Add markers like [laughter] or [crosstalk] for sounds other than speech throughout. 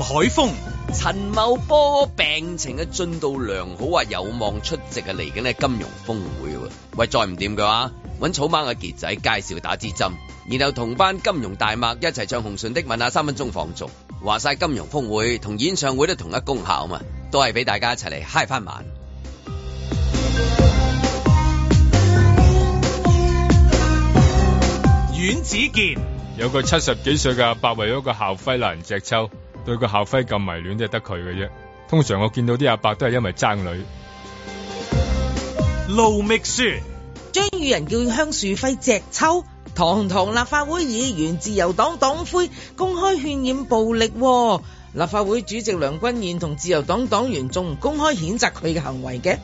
海峰陳茂波病情嘅進度良好，話有望出席啊嚟緊金融峰會。喂，再唔掂嘅話，搵草蜢嘅傑仔介紹打支針，然後同班金融大擘一齊唱紅唇的吻，問下三分鐘放縱，話晒金融峰會同演唱會都同一功效啊嘛，都係俾大家一齊嚟嗨返翻晚。阮子健有個七十幾歲嘅阿伯為咗個校徽蘭只秋。對個校徽咁迷戀，即係得佢嘅啫。通常我見到啲阿伯都係因為爭女。盧覓雪，張宇人叫香樹輝隻揪，堂堂立法會議員、自由黨黨魁，公開渲染暴力喎。立法會主席梁君彥同自由黨黨員仲唔公開譴責佢嘅行為嘅？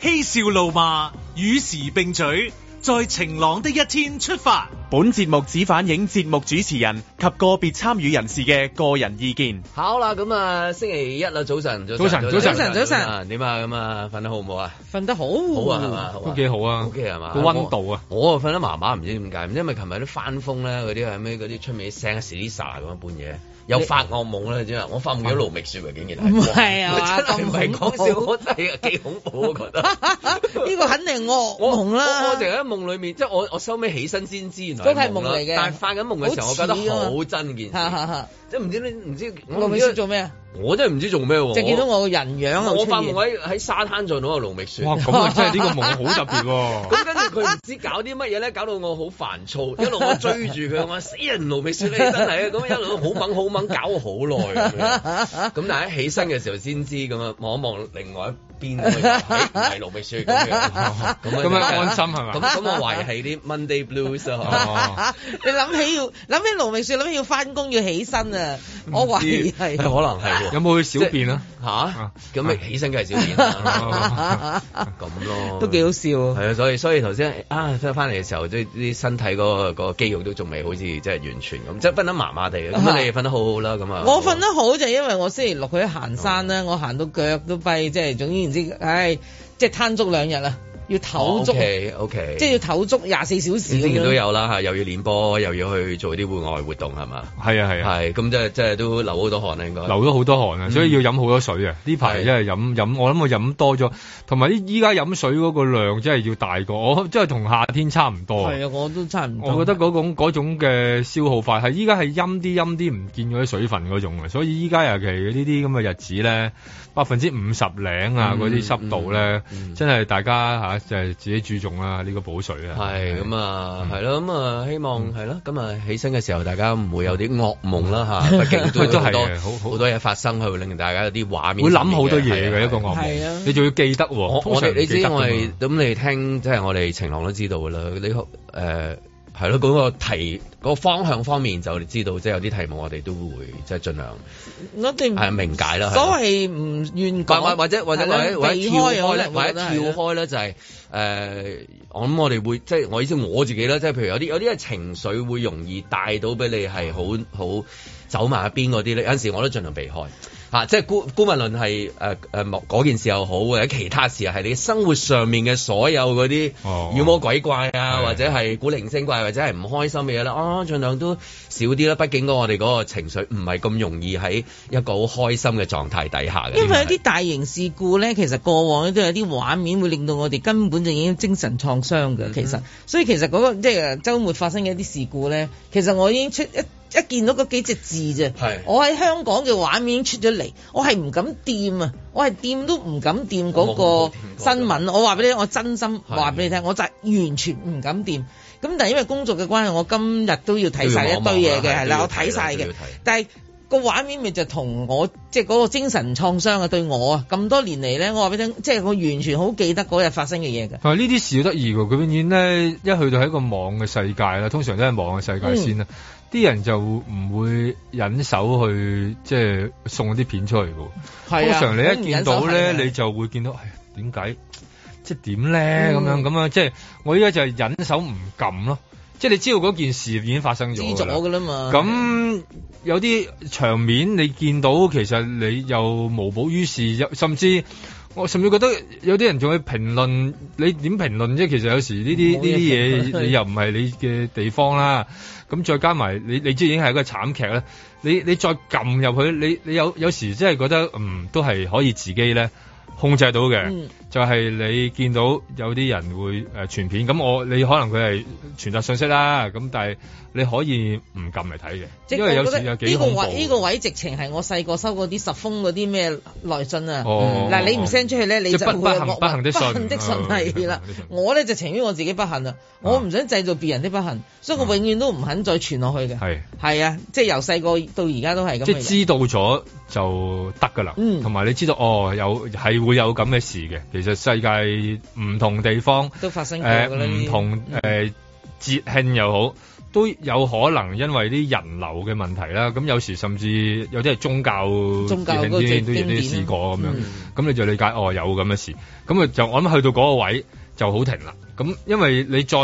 嬉笑怒罵，與時並取。在晴朗的一天出發。本節目只反映節目主持人及個別參與人士嘅個人意見、嗯。好啦，咁啊，星期一啦、啊，早晨，早晨，早晨，早晨，早晨，早晨，點啊？咁啊，瞓得好唔好啊？瞓得好，好啊、okay, 嘛，都幾好啊。O K 啊嘛，個溫度啊，我啊瞓得麻麻，唔知點解、嗯，因為琴日都翻風咧，嗰啲係咩？嗰啲出面啲聲，Sisla 咁樣，半夜，夜。有發噩夢啦，真係我發夢咗盧覓雪係，竟然唔係啊，係唔係講笑，我真係幾恐怖，我覺得呢、 [laughs] 啊啊啊，這個肯定我夢啦。我成日喺夢裏面，即係我我收尾起身先知原來夢都係夢嚟嘅。但係發緊夢嘅時候，我覺得好真呢件事即係唔知你唔知盧覓雪唔知做咩啊？啊啊我真係唔知做咩喎！就見到我個人樣，我發夢喺喺沙灘撞到個盧秘書。咁啊， [laughs] 啊，真係呢個夢好特別喎！咁跟住佢唔知搞啲乜嘢咧，搞到我好煩躁， [laughs] 一路我追住佢，我話， [laughs] 死人盧秘書咧，你真係咁、啊、 [laughs] 一路好猛好猛搞好耐。咁 [laughs] 但係一起身嘅時候先知，咁啊望一望另外邊去睇盧覓雪咁樣，咁 [laughs] 樣安心係嘛？咁咁我懷疑係啲 Monday Blues、 [laughs] 哦、 [laughs] 啊！你諗起要諗起盧覓雪，諗起要翻工要起身啊！我懷疑係可能係， [laughs] 有冇去小便啊？嚇、啊！咁、啊、咪、啊、起身梗係小便啦、啊、嚇！咁 [laughs] [laughs] 咯，都幾好笑喎！係 [laughs] 啊，所以所以頭先啊，翻嚟嘅時候，啲啲身體個個肌肉都仲未好似即係完全咁、啊，即係瞓得麻麻地。咁啊，樣你哋瞓得好好啦，咁啊，樣我瞓得好就因為我星期六去行山咧、 [laughs] 啊，我行到腳都跛，即係總之。唉、哎，即係攤足兩日啦，要唞足、哦 okay, okay，即係要唞足廿四小時。你都有啦，嚇，又要練波，又要去做啲戶外活動，係嘛？係啊，係啊，係咁即係即係都流好多汗啦，應該流咗好多汗啊、嗯，所以要飲好多水啊。呢排真係飲飲，我諗我飲多咗，同埋啲依家飲水嗰個量真係要大過我，真係同夏天差唔多。係啊，我都差唔多。我覺得嗰種嘅消耗快係依家係陰啲陰啲，唔見咗啲水分嗰種啊，所以依家尤其呢啲咁嘅日子咧。百分之五十零啊！嗰啲濕度咧，真係大家就係自己注重啦，呢個補水啊。係咁啊，係咯咁啊，希望係咯咁啊，起身嘅時候大家唔會有啲噩夢啦吓，佢 [laughs] 都係好好多嘢發生，佢會令大家有啲畫面。會諗好多嘢嘅一個噩夢。你仲要記得？我我哋你知我哋咁你聽即係、就是、我哋晴朗都知道噶啦。你誒。呃係咯，嗰、那個題、那個、方向方面就知道，即、就、係、是、有啲題目我哋都會即係、就是、盡量，我哋係明解啦。都係唔願講，或者或者或者，開或者跳開或者跳開咧就係、是、誒、呃，我諗我哋會即係、就是、我意思我自己啦，即、就、係、是、譬如有啲有啲係情緒會容易帶到俾你係好好走埋一邊嗰啲咧，有陣時我都盡量避開。吓、啊！即係姑、姑勿論係誒誒莫嗰件事又好，或者其他事係你生活上面嘅所有嗰啲妖魔鬼怪啊，哦哦、或者係古靈精怪，或者係唔開心嘅嘢啦啊，儘量都少啲啦。畢竟我哋嗰個情緒唔係咁容易喺一個好開心嘅狀態底下。因為一啲大型事故咧，其實過往都有啲畫面會令到我哋根本就已經精神創傷㗎。其、嗯、實，所以其實嗰、那個即係、就是、周末發生嘅一啲事故咧，其實我已經出一。一見到嗰幾隻字啫，我喺香港嘅畫面已經出咗嚟，我係唔敢掂啊，我係掂都唔敢掂嗰個新聞。我話俾你聽，我真心話俾你聽，我就係完全唔敢掂。咁但係因為工作嘅關係，我今日都要睇晒一堆嘢嘅，係啦，我睇晒嘅，但係。那個畫面咪就同我即係嗰個精神創傷啊！對我啊咁多年嚟咧，我話俾你聽，即係我完全好記得嗰日發生嘅嘢嘅。係呢啲事得意噶，佢永遠咗咧，一去到喺個網嘅世界啦，通常都係網嘅世界先啦。啲、嗯、人就唔會忍手去即係送啲片出嚟噶、啊。通常你一見到咧，你就會見到，唉，點解即係點咧？咁、嗯、樣咁樣即係我依家就係忍手唔撳咯。即係你知道嗰件事已經發生咗啦。知咗㗎啦嘛。咁有啲場面你見到，其實你又無補於事，甚至我甚至覺得有啲人仲去評論，你點評論啫？其實有時呢啲呢啲嘢，你又唔係你嘅地方啦。咁 [laughs] 再加埋你，你知已經係一個慘劇咧。你你再撳入去，你你有有時真係覺得，嗯，都係可以自己咧控制到嘅。嗯就係、是、你見到有啲人會誒傳片，咁我你可能佢係傳達信息啦，咁但係你可以唔撳嚟睇嘅，即因為有時有幾恐怖。呢、這個位呢、這個位直情係我細個收嗰啲十封嗰啲咩內信啊，嗱、哦嗯哦、你唔 send 出去咧，你就不幸不幸的信啦、哦。我咧就情願我自己不幸啊，我唔想製造別人的不幸，所以我永遠都唔肯再傳落去嘅。係、啊、係啊，即係由細個到而家都係咁。即係知道咗就得㗎啦，嗯，同埋你知道哦，有係會有咁嘅事嘅。其實世界唔同地方都發生，誒、呃、唔同誒節慶又好，都有可能因為啲人流嘅問題啦。咁有時甚至有啲係宗教節慶啲都試過咁樣，咁、嗯、你就理解哦，有咁嘅事。咁啊就我諗去到嗰個位就好停啦。咁因為你再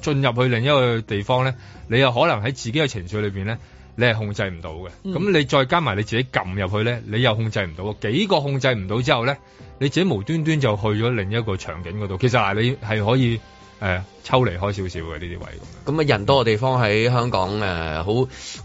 進入去另一個地方咧，你又可能喺自己嘅情緒裏邊咧，你係控制唔到嘅。咁、嗯、你再加埋你自己撳入去咧，你又控制唔到。幾個控制唔到之後咧？你自己無端端就去咗另一個場景嗰度，其實，啊，你係可以誒。呃抽離開少少嘅呢啲位咁。咁啊，人多嘅地方喺香港誒，好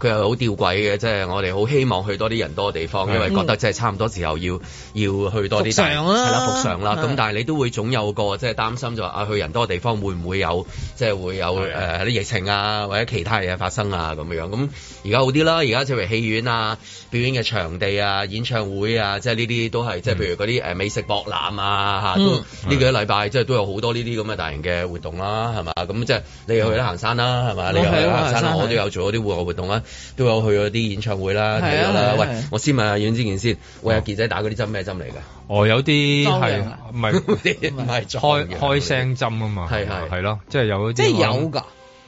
佢又好吊詭嘅，即係我哋好希望去多啲人多嘅地方，因為覺得即係差唔多時候要要去多啲。復常啦，係啦，復常啦。咁但係你都會總有個即係擔心就話啊，去人多嘅地方會唔會有即係會有誒啲、呃、疫情啊，或者其他嘢發生啊咁樣。咁而家好啲啦，而家譬如戲院啊、表演嘅場地啊、演唱會啊，即係呢啲都係即係譬如嗰啲美食博覽啊呢、嗯啊、幾個禮拜即係都有好多呢啲咁嘅大型嘅活動啦、啊。係嘛？咁即係你又去咗行山啦、啊，係、嗯、嘛？你又行山啦、啊哦啊啊啊，我都有做嗰啲戶外活動啦、啊，都有去嗰啲演唱會啦、啊，係啦、啊啊啊。喂、啊啊，我先問下阮之健先，喂，阿健仔打嗰啲針咩針嚟㗎？哦，我有啲係唔係？唔係、啊、 [laughs] 開、啊、開，開聲針啊嘛。係係係咯，即係、啊啊就是、有啲即係有㗎。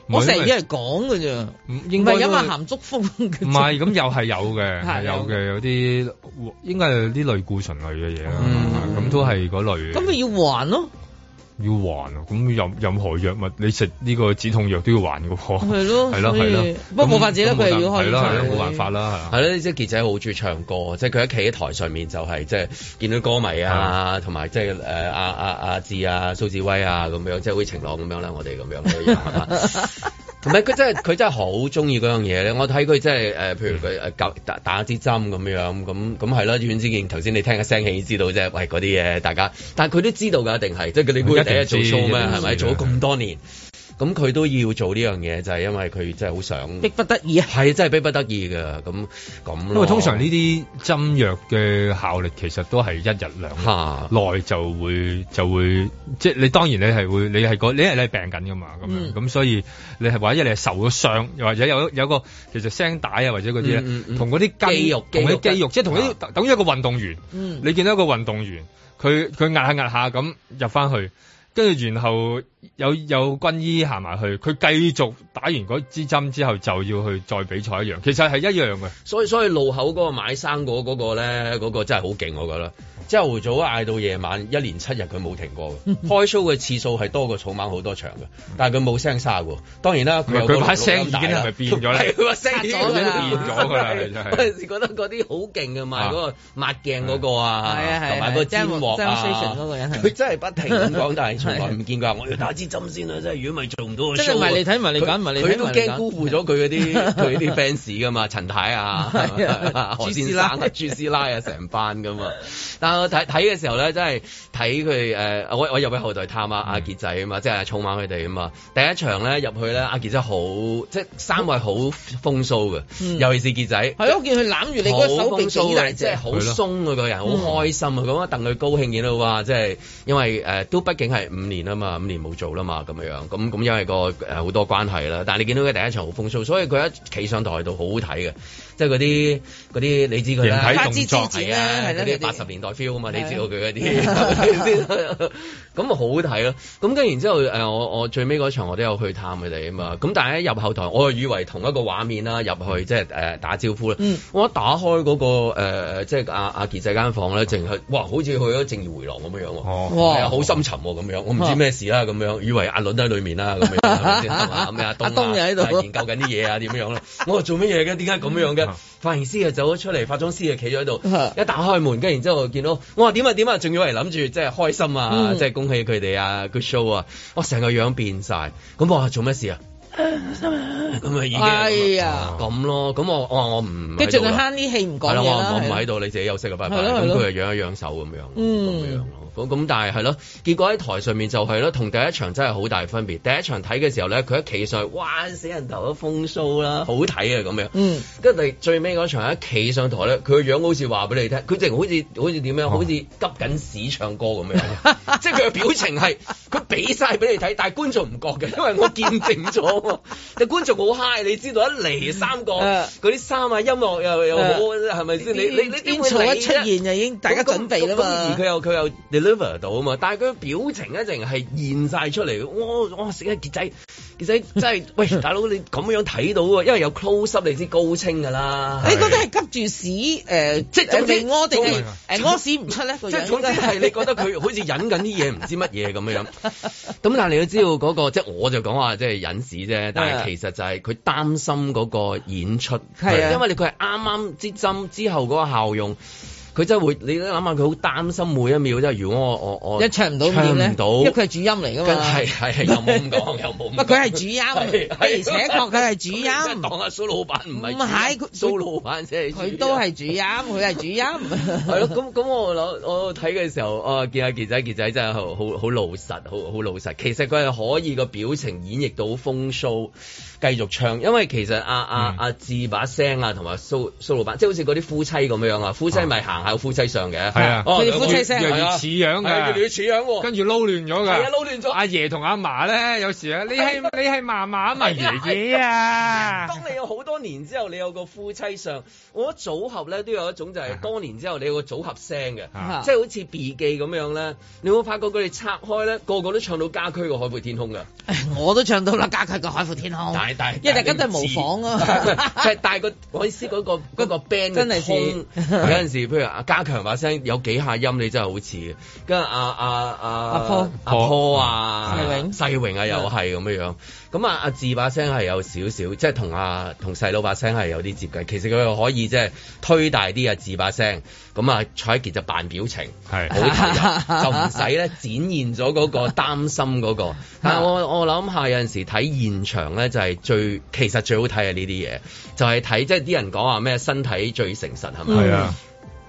我成日以為講㗎咋，唔係有冇鹹竹風？唔係咁又係有嘅，有嘅，有啲應該係啲類固醇類嘅嘢咁都係嗰類。咁咪要還咯？要還啊！咁任任何藥物，你食呢個止痛藥都要還㗎。係咯，係咯，係咯。不過冇法子啦，佢要開心。係係咯，冇辦法啦。係啦，即即傑仔好中意唱歌，即係佢喺企喺台上面就係、是、即係見到歌迷啊，同埋即係誒阿阿阿志啊、蘇志威啊咁樣，即係會晴朗咁樣啦。我哋咁樣。唔係佢真係佢真係好中意嗰樣嘢咧。我睇佢即係誒，譬如佢打，打支打針咁樣，咁咁係啦。袁子健頭先你聽一聲氣已經知道啫。喂，嗰啲嘢大家，但係佢都知道㗎，一定係即係佢哋會。你係做 show 咩？係咪做咗咁多年？咁佢都要做呢樣嘢，就係、是、因為佢真係好想逼不得已係真係逼不得已㗎。咁咁，因為通常呢啲針藥嘅效力其實都係一日兩下耐就會就會，就會，即係你當然你係會你係個呢你係病緊㗎嘛。咁、嗯、咁，所以你係或者你係受咗傷，又或者有有個其實聲帶啊或者嗰啲同嗰啲肌肉，同啲肌肉即係同一、啊、等於一個運動員、嗯。你見到一個運動員，佢佢壓下壓下咁入翻去。跟住，然後。有有軍醫行埋去，佢繼續打完嗰支針之後就要去再比賽一樣，其實係一樣嘅。所以所以路口嗰個買生果嗰個呢，嗰、嗰個真係好勁，我覺得朝頭早嗌到夜晚，一連七日佢冇停過， [laughs] 開 show 嘅次數係多過草蜢好多場嘅，但係佢冇聲沙喎。當然啦，佢佢把聲大，咪變咗啦，聲 [laughs] 已經變咗㗎 [laughs] 我覺得嗰啲好勁嘅嘛，嗰 [laughs] 個抹鏡嗰個啊，同埋個資鑊嗰個人，佢真係不停咁講， [laughs] 但係從來唔見過，我要打。支針先啦，即係如果咪做唔到，即係唔係你睇埋你揀埋你，佢都驚辜負咗佢嗰啲佢啲 fans 噶嘛？陳太啊，朱師奶啊， [laughs] 朱師奶啊，成班噶嘛。但係我睇睇嘅時候咧，真係睇佢誒，我我入去後台探下阿傑仔啊嘛，嗯、即係草蜢佢哋啊嘛。第一場咧入去咧，阿傑仔好即係三位好風騷嘅、嗯，尤其是傑仔，係咯見佢攬住你嗰手勁、嗯、大隻，好鬆嗰個人，好開心啊咁啊，戥、嗯、佢高興到哇！即係因為誒、呃，都畢竟係五年啊嘛，五年冇。做啦嘛，咁樣樣，咁咁因為、個誒好、呃、多關係啦，但係你見到佢第一場好風騷，所以佢一企上台度好好睇嘅，即係嗰啲啲你知佢啦，動作係啦，嗰啲八十年代 feel 啊嘛，你知道佢嗰啲，咁啊、哎、 [laughs] [laughs] 好好睇咯。咁跟然之後誒、呃，我我最尾嗰場我都有去探佢哋啊嘛，咁但係一入後台，我就以為同一個畫面啦，入去即係誒打招呼啦。我、嗯、一打開嗰、個、呃、即係阿阿傑仔間房咧，淨係哇，好似去咗正義回廊咁樣樣，係、哦、啊，好深沉喎咁樣，我唔知咩事啦、啊、咁樣。以為阿倫喺裏面啦、啊，咁樣、啊，係嘛、啊，咁樣、啊，東啊，啊，啊，啊，啊，研究緊啲嘢啊，點樣、啊、 [laughs] 樣咯、啊？我話做乜嘢嘅？點解咁樣嘅？髮型師，就發師就啊走咗出嚟，化妝師啊企咗喺度，一打開門，跟住然後之後見到，我話點啊點啊，仲以為諗住即係開心啊，嗯、即係恭喜佢哋啊 Good show 啊，我成個樣變晒。咁我話做咩事啊？咁啊已經係啊，咁、哎啊啊、咯，咁我我我唔，即係盡慳啲氣唔講我啦。我唔喺度，你自己休息啊，拜拜。咁佢就養一養手咁樣，咁咁但係係咯，結果喺台上面就係、是、咯，同第一場真係好大分別。第一場睇嘅時候咧，佢一企上去，哇死人頭都風騷啦，好睇啊咁樣。嗯，跟住最最尾嗰場一企上台咧，佢個樣好似話俾你聽，佢淨好似好似點、哦、樣，好似急緊屎唱歌咁樣。即係佢嘅表情係，佢俾晒俾你睇，但係觀眾唔覺嘅，因為我見證咗。但 [laughs] 係觀眾好嗨，你知道一嚟三個嗰啲衫啊，三音樂又、啊、又好，係咪先？你你編彩一出現就已經大家準備啦嘛。而佢又佢又。到啊嘛，但係佢表情一直係現晒出嚟。我我食下傑仔，傑仔真係喂，大佬你咁樣睇到啊？因為有 close up 你知高清噶啦。 [laughs] 你覺得係急住屎誒、呃，即係總之屙定屙屎唔出咧，即係總之係 [laughs] 你覺得佢好似忍緊啲嘢，唔知乜嘢咁嘅樣。咁但係你都知道嗰、 [laughs] [laughs] 嗰個，即係我就講話即係忍屎啫。但係其實就係佢擔心嗰個演出，係、 [laughs] 啊、因為你佢係啱啱支針之後嗰個效用。佢真係會，你都諗下，佢好擔心每一秒啫。如果我我我一唱唔到點咧？因為佢係主音嚟㗎嘛。係係，又冇咁講， [laughs] 又冇。不佢係主音，而且確佢係主音。講阿蘇老闆唔係。唔係，蘇老闆即係。佢都係主音，佢係主音。咁 [laughs] 咁 [laughs] 我我睇嘅時候、啊、我睇嘅時候、啊、見阿杰仔杰仔真係好好老實，好好老實。其實佢係可以個表情演繹到風騷，繼續唱。因為其實阿阿阿志把聲啊，同埋蘇蘇老闆，即係好似嗰啲夫妻咁樣啊。夫妻咪、嗯、行。係夫妻相嘅，係啊，哋、啊哦嗯、夫妻相，樣、啊、樣似樣嘅，樣樣似樣喎。跟住撈亂咗嘅，係啊，撈亂咗。爺阿爺同阿嫲咧，有時啊，你係 [laughs] 你係嫲嫲啊，唔係爺爺啊。當你有好多年之後，你有個夫妻相。我覺得組合咧都有一種就係多年之後你有個組合聲嘅，即係、啊就是、好似 B 記咁樣咧。你會發覺佢哋拆開咧？個個都唱到家駒嘅海闊天空㗎。我都唱到啦，家駒嘅海闊天空。但係但係，因為、啊、 [laughs] 大家都模仿咯，即係帶個海思嗰個嗰個 band，真係似有陣時譬如。啊！加強把聲有幾下音，你真係好似跟住阿阿阿阿阿啊，世榮啊又係咁樣咁啊，阿、啊啊啊啊啊、字把聲係有少少，即係同阿同細佬把聲係有啲接近。其實佢又可以即係推大啲啊！字把聲咁啊，彩傑就扮表情好好睇， [laughs] 就唔使咧展現咗嗰個擔心嗰、嗰個。 [laughs] 但係我我諗下有陣時睇現場咧，就係、係、最其實最好睇啊！呢啲嘢就係、係、睇即係啲人講話咩身體最誠實係咪啊？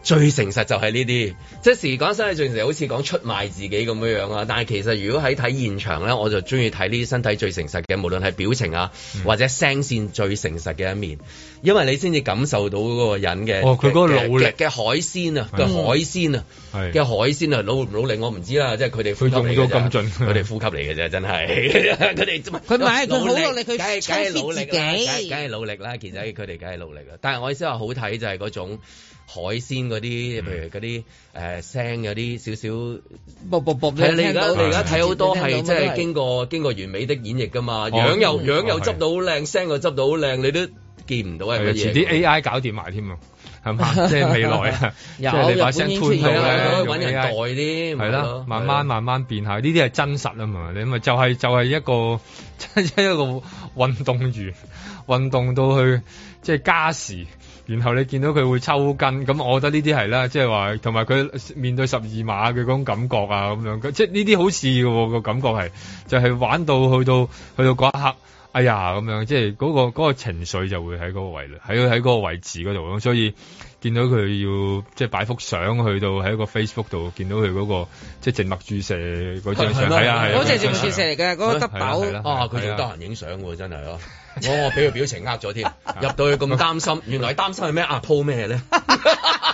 最誠實就係呢啲，即時講身體最誠實，好似講出賣自己咁樣樣啊！但係其實如果喺睇現場咧，我就中意睇呢啲身體最誠實嘅，無論係表情啊，嗯、或者聲線最誠實嘅一面，因為你先至感受到嗰個人嘅佢嗰個努力嘅海鮮啊，嘅海鮮啊，嘅海鮮啊，努唔努力我唔知啦，即係佢哋佢做到咁盡，佢哋呼吸嚟嘅啫，真係佢哋佢咪好努力，佢梗佢係努力嘅。梗係努力啦，其實佢哋梗係努力嘅。但係我意思話好睇就係嗰種。海鮮嗰啲，譬如嗰啲誒聲，有啲少少啵啵啵。係啊，你而家你而家睇好多係即係經過經過完美的演繹㗎嘛，樣又樣又執到好靚，聲又執到好靚，你都見唔到係乜嘢？遲啲 AI 搞掂埋添啊，係嘛？即係未來啊！即係你把聲推到咧，用 AI 啲。係啦，慢慢慢慢變下，呢啲係真實啊嘛！你咪就係就係一個一個運動員運動到去即係加時。然後你見到佢會抽筋，咁我覺得呢啲係啦，即係話同埋佢面對十二碼嘅嗰種感覺啊，咁樣，即係呢啲好似、嗰個感覺係就係、係、玩到去到去到嗰一刻，哎呀咁樣，即係嗰、嗰個嗰、嗰個、情緒就會喺嗰個位，喺喺嗰個位置嗰度咁，所以見到佢要即係擺幅相去到喺一個 Facebook 度見到佢嗰、嗰個即係靜脈注射嗰張相，係啊係啊，嗰隻靜脈注射嚟㗎，嗰、啊、個得飽啊，佢仲得閒影相喎，真係咯～我俾佢表情呃咗添， [laughs] 入到去咁擔心， [laughs] 原來擔心係咩啊？鋪咩咧？ [laughs]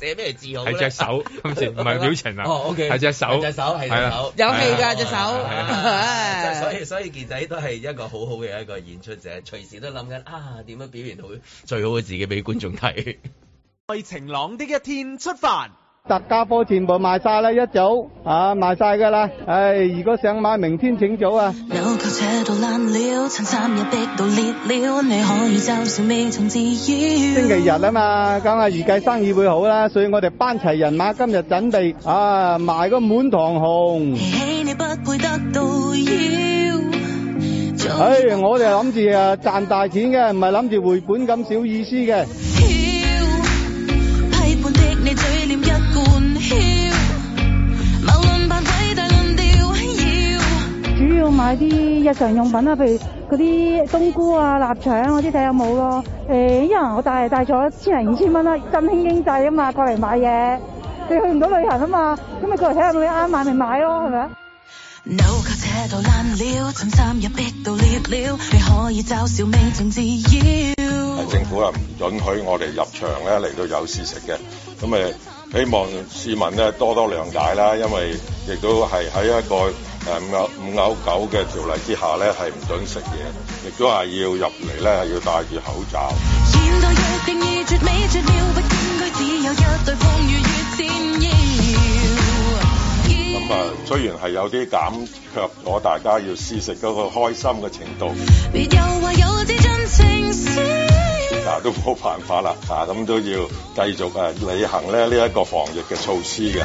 寫咩字號？係隻手，唔係表情啊！哦，OK，係隻手，隻手，係隻手，有氣㗎隻手。隻手隻手哦啊啊啊、 [laughs] 所以所以健仔都係一個好好嘅一個演出者，隨時都諗緊啊點樣表現好最好嘅自己俾觀眾睇。在晴朗的一天出發。 [laughs] 特價貨全部賣晒啦，一早啊，賣晒噶啦，唉、哎，如果想買，明天請早啊。星期日啊嘛，咁啊，預計生意會好啦，所以我哋班齊人馬今日準備啊，賣個滿堂紅。唉、哎，我哋諗住啊，賺大錢嘅，唔係諗住回本咁小意思嘅。都買啲日常用品啊，譬如嗰啲冬菇啊、臘腸啊啲，睇下有冇咯。誒、欸，因為我帶帶咗千零五千蚊啦，振興經濟啊嘛，過嚟買嘢，你去唔到旅行啊嘛，咁咪過嚟睇下有冇啱買咪買咯，係咪啊？政府啊唔允許我哋入場咧嚟到有試食嘅，咁咪希望市民咧多多諒解啦，因為亦都係喺一個。嗯、五九九嘅條例之下呢，係唔準食嘢，亦都係要入嚟呢，係要戴住口罩。咁啊，雖然係有啲減，卻咗大家要試食嗰個開心嘅程度。嗱，有有，但都冇辦法啦，咁都要繼續誒履行呢一個防疫嘅措施嘅。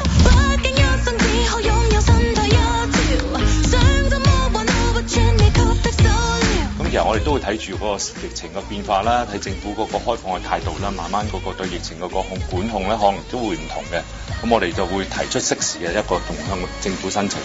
我哋都會睇住嗰個疫情嘅變化啦，睇政府嗰個開放嘅態度啦，慢慢嗰個對疫情嘅管控咧，可能都會唔同嘅。咁我哋就會提出適時嘅一個同向政府申請。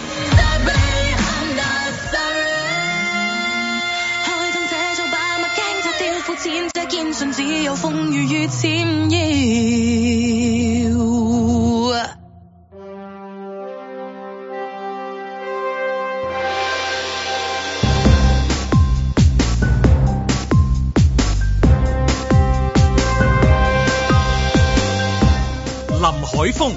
颱風、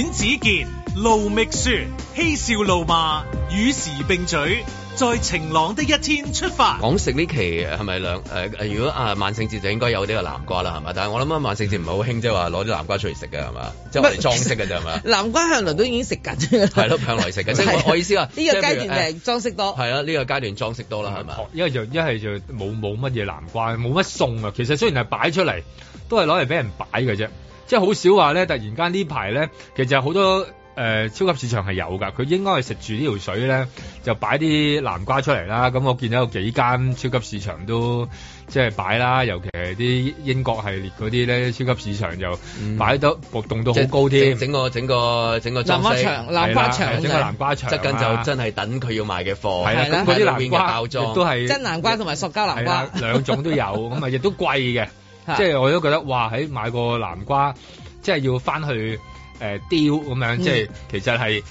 阮子健、盧覓雪、嬉笑怒罵、與時並嘴，在晴朗的一天出發。講食呢期係咪兩誒？如果啊萬聖節就應該有呢個南瓜啦，係嘛？但係我諗啊萬聖節唔係好興，即係話攞啲南瓜出嚟食㗎，係嘛？即係我哋裝飾㗎啫，係嘛？南瓜向來都已經食緊，係 [laughs] 咯，向來食緊。 [laughs] [laughs] 即係我意思話，呢個階段係裝飾多。係啊，呢個階段裝飾多啦，係嘛？因為就一係就冇冇乜嘢南瓜，冇乜餸啊。其實雖然係擺出嚟，都係攞嚟俾人擺嘅啫。即係好少話咧，突然間呢排咧，其實好多誒、呃、超級市場係有㗎，佢應該係食住呢條水咧，就擺啲南瓜出嚟啦。咁、嗯嗯、我見到有幾間超級市場都即係擺啦，尤其係啲英國系列嗰啲咧，超級市場就擺得活動度好高添。整個整個整個南瓜場，南瓜場，啊啊、整個南瓜場、啊。即近就真係等佢要賣嘅貨。係啦、啊，咁嗰啲南瓜嘅包都係真南瓜同埋塑膠南瓜、啊，兩種都有，咁啊亦都貴嘅。即係我都覺得，哇！喺買個南瓜，即係要翻去誒雕咁樣，嗯、即係其實係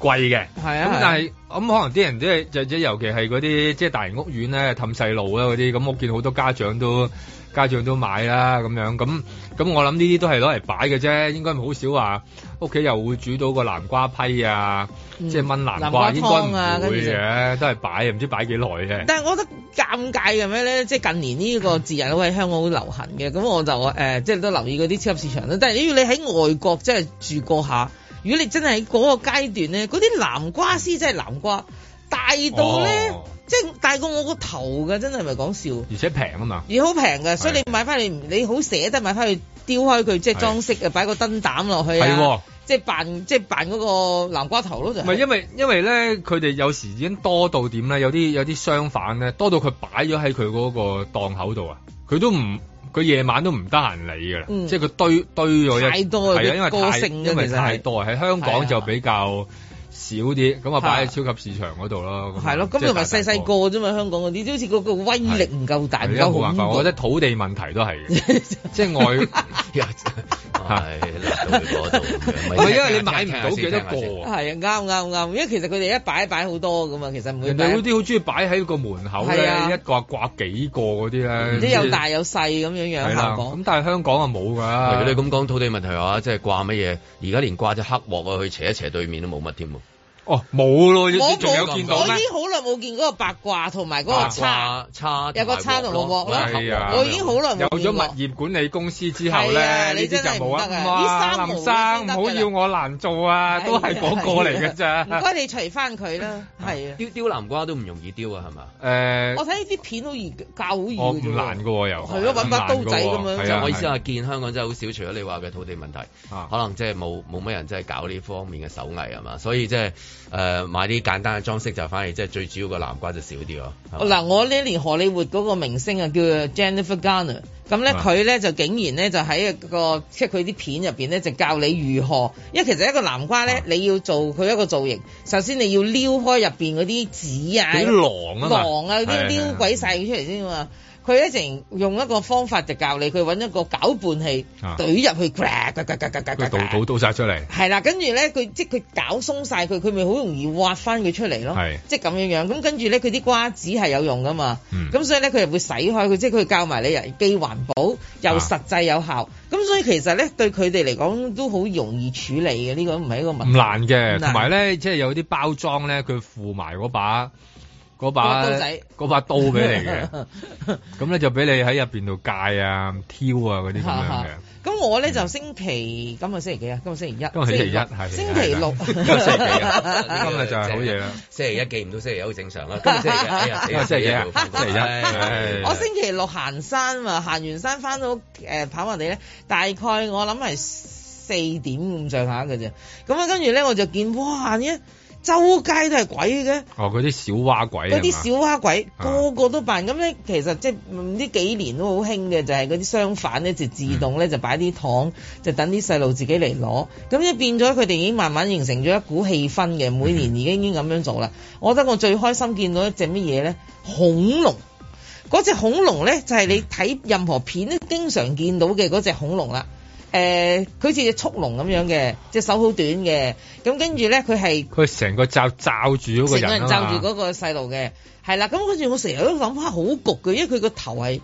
貴嘅。係啊，咁但係咁、嗯、可能啲人都係，即尤其係嗰啲即係大型屋苑咧，氹細路啊嗰啲，咁我見好多家長都。家長都買啦，咁樣咁咁，我諗呢啲都係攞嚟擺嘅啫，應該好少話屋企又會煮到個南瓜批啊，嗯、即係炆南，南瓜湯啊，跟住都係擺，唔知擺幾耐啫。但係我覺得尷尬嘅咩咧，即係近年呢個節日都喺香港好流行嘅，咁我就誒即係都留意嗰啲超級市場啦。但係如果你喺外國即係住過下，如果你真係喺嗰個階段咧，嗰啲南瓜絲真係南瓜大到咧。哦即係大過我個頭㗎，真係咪係講笑。而且平啊嘛，而好平㗎，所以你買翻嚟，你好捨得買翻去雕開佢，即係裝飾啊，擺個燈膽落去啊，即係扮即係扮嗰個南瓜頭咯，就係。唔係因為因為咧，佢哋有時已經多到點咧，有啲有啲商販咧，多到佢擺咗喺佢嗰個檔口度啊，佢都唔佢夜晚都唔得閒理㗎啦，嗯、即係佢堆堆咗一太多啊，因為太其實因為太多喺香港就比較。少啲，咁啊擺喺超級市場嗰度咯。係咯，咁同埋細細個啫嘛，香港，啲好似嗰個威力唔夠大，唔夠好。冇辦法，我覺得土地問題都係嘅，即 [laughs] 係是外。 [laughs] [laughs] 係、 [laughs] 哎，唔係 [laughs] 因為你買唔到幾多個？係啊，啱啱啱，因為其實佢哋一擺一擺好多㗎嘛，其實會擺擺人哋好啲好中意擺喺個門口咧、啊，一個掛幾個嗰啲咧，啲有大有細咁樣樣。係啦、啊，咁但係香港，香港啊冇㗎。如果你咁講土地問題話，即、就、係、是、掛乜嘢？而家連掛隻黑鑊啊，去斜一斜對面都冇乜添。哦，冇咯，我冇見，我已經好耐冇見嗰個八卦同埋嗰個叉叉，有個叉同個鑊咯。我已經好耐冇有咗物業管理公司之後咧，呢啲就冇啊。哇，阿林生唔好要我難做啊，啊都係嗰個嚟嘅啫。唔該、啊，啊啊、你除翻佢啦，係啊，丟丟南瓜都唔容易丟啊，係嘛？誒、啊，我睇呢啲片都易較好易嘅啫，唔、啊啊、難嘅喎又係咯，揾、啊、把刀仔咁樣就、啊啊、我意思話、啊、見香港真係好少，除咗你話嘅土地問題，啊、可能即係冇冇乜人即係搞呢方面嘅手藝係嘛，所以即、就、係、是。誒、呃、買啲簡單嘅裝飾就反而即係最主要個南瓜就少啲咯。嗱、啊，我呢年荷里活嗰個明星啊，叫做 Jennifer Garner，咁咧佢咧就竟然咧就喺一個即係佢啲片入面咧就教你如何，因為其實一個南瓜咧你要做佢一個造型，首先你要撩開入面嗰啲籽啊狼、狼啊、啲撩鬼曬佢出嚟先嘛。佢一直用一個方法就教你，佢揾一個攪拌器，懟入去，嗰嗰嗰嗰嗰倒倒，倒出嚟。係啦，跟住咧，佢即係佢攪鬆晒佢，佢咪好容易挖翻佢出嚟咯。即係咁樣樣。咁跟住咧，佢啲瓜子係有用噶嘛？咁、嗯、所以咧，佢又會洗開佢，即係佢教埋你既環，既環保又實際有效。咁、啊、所以其實咧，對佢哋嚟講都好容易處理嘅。呢、這個唔係一個問。唔難嘅，同埋咧，即係有啲包裝咧，佢附埋嗰把，嗰把刀仔，嗰把刀俾你嘅，咁 [laughs] 咧就俾你喺入邊度戒啊、挑啊嗰啲咁樣嘅。咁 [laughs] 我咧就星期今日星期幾啊？今日星期一，星期一係星期六。 [laughs] 今日 [laughs] 就係好嘢啦。星期一記唔到星期一好正常啦。今日星期一，星、哎、期一，星 [laughs] 期一。一哎一 [laughs] 哎、呀 [laughs] 我星期六行山嘛，行完山翻到誒、呃、跑埋地咧，大概我諗係四點咁上下嘅啫。咁啊，跟住咧我就見哇呢一～周街都係鬼嘅，哦，嗰啲小娃鬼，鬼，嗰啲小娃鬼個個都扮，咁、啊、咧其實即係呢幾年都好興嘅，就係嗰啲商販咧就自動咧就擺啲糖、嗯，就等啲細路自己嚟攞，咁就變咗佢哋已經慢慢形成咗一股氣氛嘅，每年已經已經咁樣做啦、嗯。我覺得我最開心見到一隻乜嘢咧，恐龍，嗰隻恐龍咧就係、是、你睇任何片都經常見到嘅嗰隻恐龍啦。誒、呃，佢似隻速龍咁樣嘅，隻手好短嘅，咁跟住咧佢係佢成個罩罩住嗰個人咯，成個罩住嗰個細路嘅，係、啊、啦，咁跟住我成日都諗翻好焗嘅，因為佢個頭係。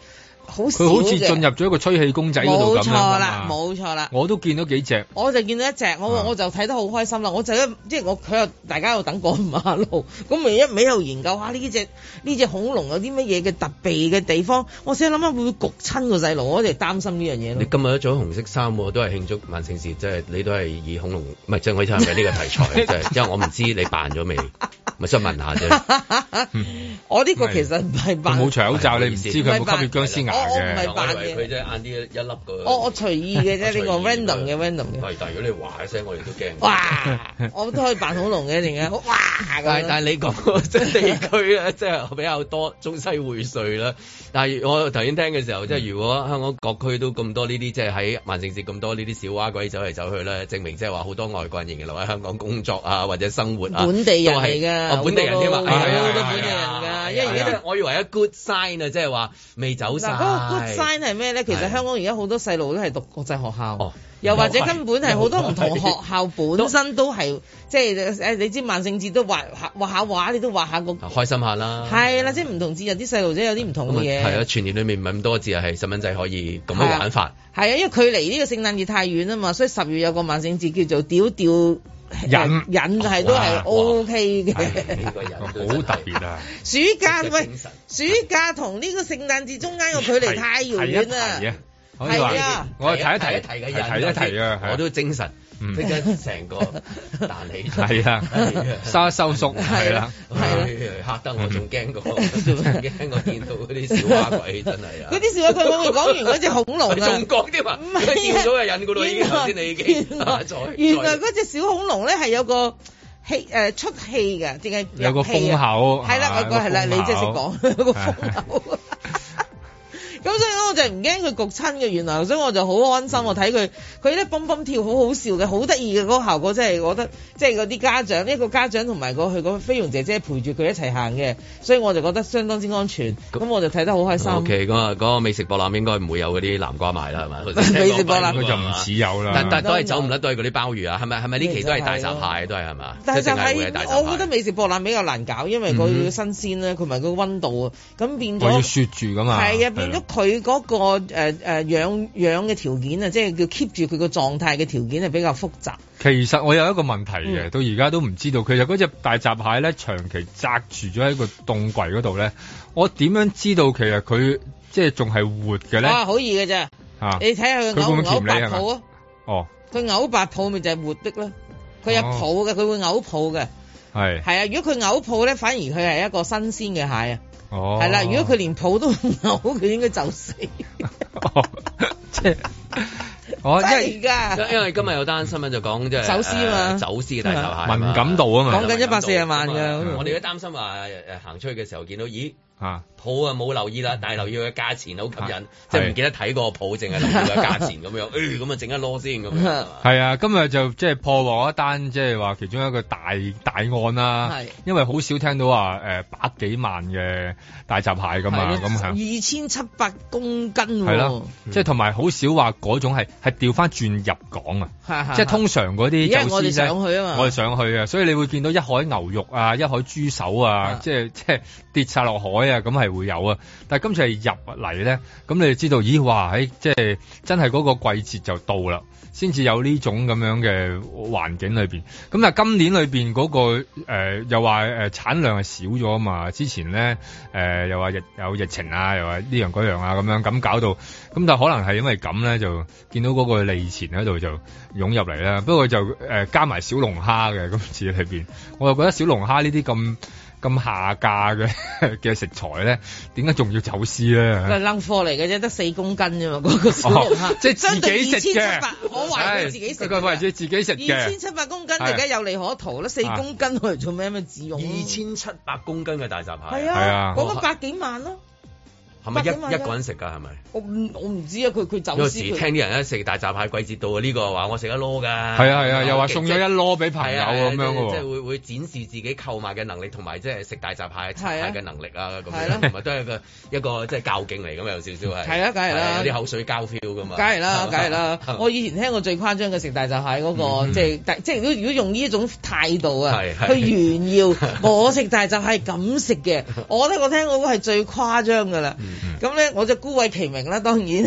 好佢好似進入咗一個吹氣公仔嗰度咁。冇錯啦，冇錯啦。我都見到幾隻，我就見到一隻，我我就睇得好開心啦。我就，我就即係我佢又大家又等過馬路，咁咪一味又研究下呢隻呢隻恐龍有啲乜嘢嘅特別嘅地方。我成日諗下會唔會焗親個細路，我哋擔心呢樣嘢。你今日着紅色衫，都係慶祝萬聖節，即係你都係以恐龍，唔係即係我嘅呢個題材？即 [laughs] 係，因為我唔知你扮咗未。 [laughs] 咪想問下啫，我呢個其實唔係扮。冇搶襲，你唔知佢冇吸血僵屍牙嘅。佢即眼啲一粒個。我我隨意嘅啫，呢、 [laughs] 呢個 random 嘅 random。係，但係如果你話一聲，我哋都驚。哇！ [laughs] 我都可以扮恐龍嘅，定係哇。 [laughs] 但係但係你講 [laughs] 地區咧，即係比較多中西薈萃啦。但係我頭先聽嘅時候，即、嗯、係如果香港各區都咁多呢啲，即係喺萬聖節咁多呢啲小蛙鬼走嚟走去啦，證明即係話好多外國人仍然留喺香港工作啊，或者生活啊，本地人嚟嘅。我、哦、本地人添嘛，好、哦、多本地人噶、哎哎，因為而家都，我以為一 good sign 啊，即係話未走曬。嗰個 good sign 係咩咧？其實香港而家好多細路都係讀國際學校，哦、又或者根本係好多唔同學校本身都係即係你知萬聖節都畫畫下畫，你都畫下、個開心下啦。係啦、啊，即係唔同節日啲細路仔有啲唔同嘅嘢。係啦、啊啊，全年裏面唔係咁多節啊，係細蚊仔可以咁樣玩法。係啊，啊，因為距離呢個聖誕節太遠啊嘛，所以十月有個萬聖節叫做屌屌。OK [laughs] 這個、人人就係都係 O K 嘅，呢個人好 [laughs] 特別別啊！ [laughs] 暑假喂，暑假同呢個聖誕節中間個距離太遙遠啦。係啊！我睇一睇，睇一睇嘅睇一睇啊！我都精神，即係成個彈起，係啊，收收縮，係、嗯、啊，啊，嚇得我仲驚過，驚我見到嗰啲小蛙鬼真係啊！嗰啲小蛙鬼我會講完嗰隻恐龍啊，仲講啲話啊！唔係見度先，你已經原來嗰隻小恐龍咧係有個氣誒、呃、出氣嘅定係有個風口，係啦，我係啦，你即係識講個風口。咁所以我就唔驚佢焗親嘅，原來，所以我就好安心。嗯、我睇佢，佢咧蹦蹦跳，好好笑嘅，好得意嘅嗰個效果真，真係覺得，即係嗰啲家長，一、這個家長同埋嗰佢嗰菲傭姐姐陪住佢一齊行嘅，所以我就覺得相當之安全。咁我就睇得好開心。O K，嗰個美食博覽應該唔會有嗰啲南瓜賣啦，係咪？美食博覽佢就唔似有啦。但但，但都係走唔甩，都係嗰啲鮑魚啊，係咪？係咪呢期都係大閘蟹都係係嘛？但係就係我覺得美食博覽比較難搞，因為個新鮮啦，佢唔係個溫度啊，咁變咗。我要雪住咁嘛。係啊，變咗。佢嗰、那個誒誒養養嘅條件啊，即係叫 keep 住佢個狀態嘅條件係比較複雜。其實我有一個問題嘅，嗯、到而家都唔知道。其實嗰隻大閘蟹咧，長期擳住咗喺個凍櫃嗰度咧，我點樣知道其實佢即係仲係活嘅咧、哦？啊，好易嘅啫，嚇！你睇下佢嘔唔嘔白泡啊？哦，佢嘔白泡咪就係活的啦。佢有泡嘅，佢會嘔泡嘅。係。係啊，如果佢嘔泡咧，反而佢係一個新鮮嘅蟹啊！嗯嗯哦，係啦，如果佢連抱都唔抱，佢應該走私。即 [laughs] 係、oh. [laughs] 真是，哦， [laughs] 因為因為今日有單新聞就講即係走私啊嘛、呃，走私嘅大頭蟹，敏感度啊嘛，講緊一百四十萬噶，嗯、我哋都擔心話、啊、誒、啊、行出去嘅時候見到，咦？啊，鋪啊冇留意啦，但係留意佢嘅價錢好吸引，啊、即係唔記得睇過鋪，淨係留意個價錢咁 [laughs] 樣，咁啊整一攞先咁樣係 [laughs] 啊！今日就即係破獲一單，即係話其中一個大大案啦、啊。係因為好少聽到話誒、呃、百幾萬嘅大閘蟹咁啊，咁二千七百公斤係、啊、咯、嗯，即係同埋好少話嗰種係係掉翻轉入港啊！係 [laughs] 即係通常嗰啲，因為我哋想去啊嘛，我哋想去啊，所以你會見到一海牛肉啊，一海豬手啊，即係即係跌晒落海。啊，咁係會有啊，但係今次係入嚟咧，咁你哋知道，咦？哇！喺即係真係嗰個季節就到啦，先至有呢種咁樣嘅環境裏面。咁但係今年裏面嗰、嗰個、呃、又話產量少咗嘛？之前咧誒、呃、又話有疫情啊，又話呢樣嗰樣啊咁樣，咁搞到咁但係可能係因為咁咧，就見到嗰個利錢喺度就湧入嚟啦。不過就、呃、加埋小龍蝦嘅今次裏面，我又覺得小龍蝦呢啲咁。咁下價嘅嘅食材咧，點解仲要走私咧？佢係冷貨嚟嘅啫，得四公斤啫嘛，嗰、嗰個小龍蝦、哦、即係自己食嘅，2700, [laughs] 我懷佢自己食嘅，懷自己食嘅。二千七百公斤，而家有利可圖啦，四公斤佢嚟做咩？咩自用二千七百公斤嘅大閘蟹，係啊，嗰個百幾萬咯、啊。係咪一一,一個人食㗎？係咪？我唔我唔知，這個、我啊！佢佢就時聽啲人咧食大閘蟹季節到啊！呢個話我食一籮㗎，係啊係啊，又話送咗一籮俾朋友咁、啊、樣喎，即係、啊就是、會會展示自己購買嘅能力同埋即係食大閘蟹嘅能力啊咁、啊、樣，係咯、啊，都係一個即係較勁嚟咁有少少係。係啊，梗係啦，啊、有啲口水交票㗎嘛。梗係啦，梗係、啊啦，啊、啦！我以前聽過最誇張嘅食大閘蟹嗰、那個，即係即係如果如果用呢一種態度啊，去炫耀我食大閘蟹係咁食嘅，我覺得我聽我個係最誇張㗎啦。咁、嗯、咧，我就姑隱其名啦，當然。咁 [laughs]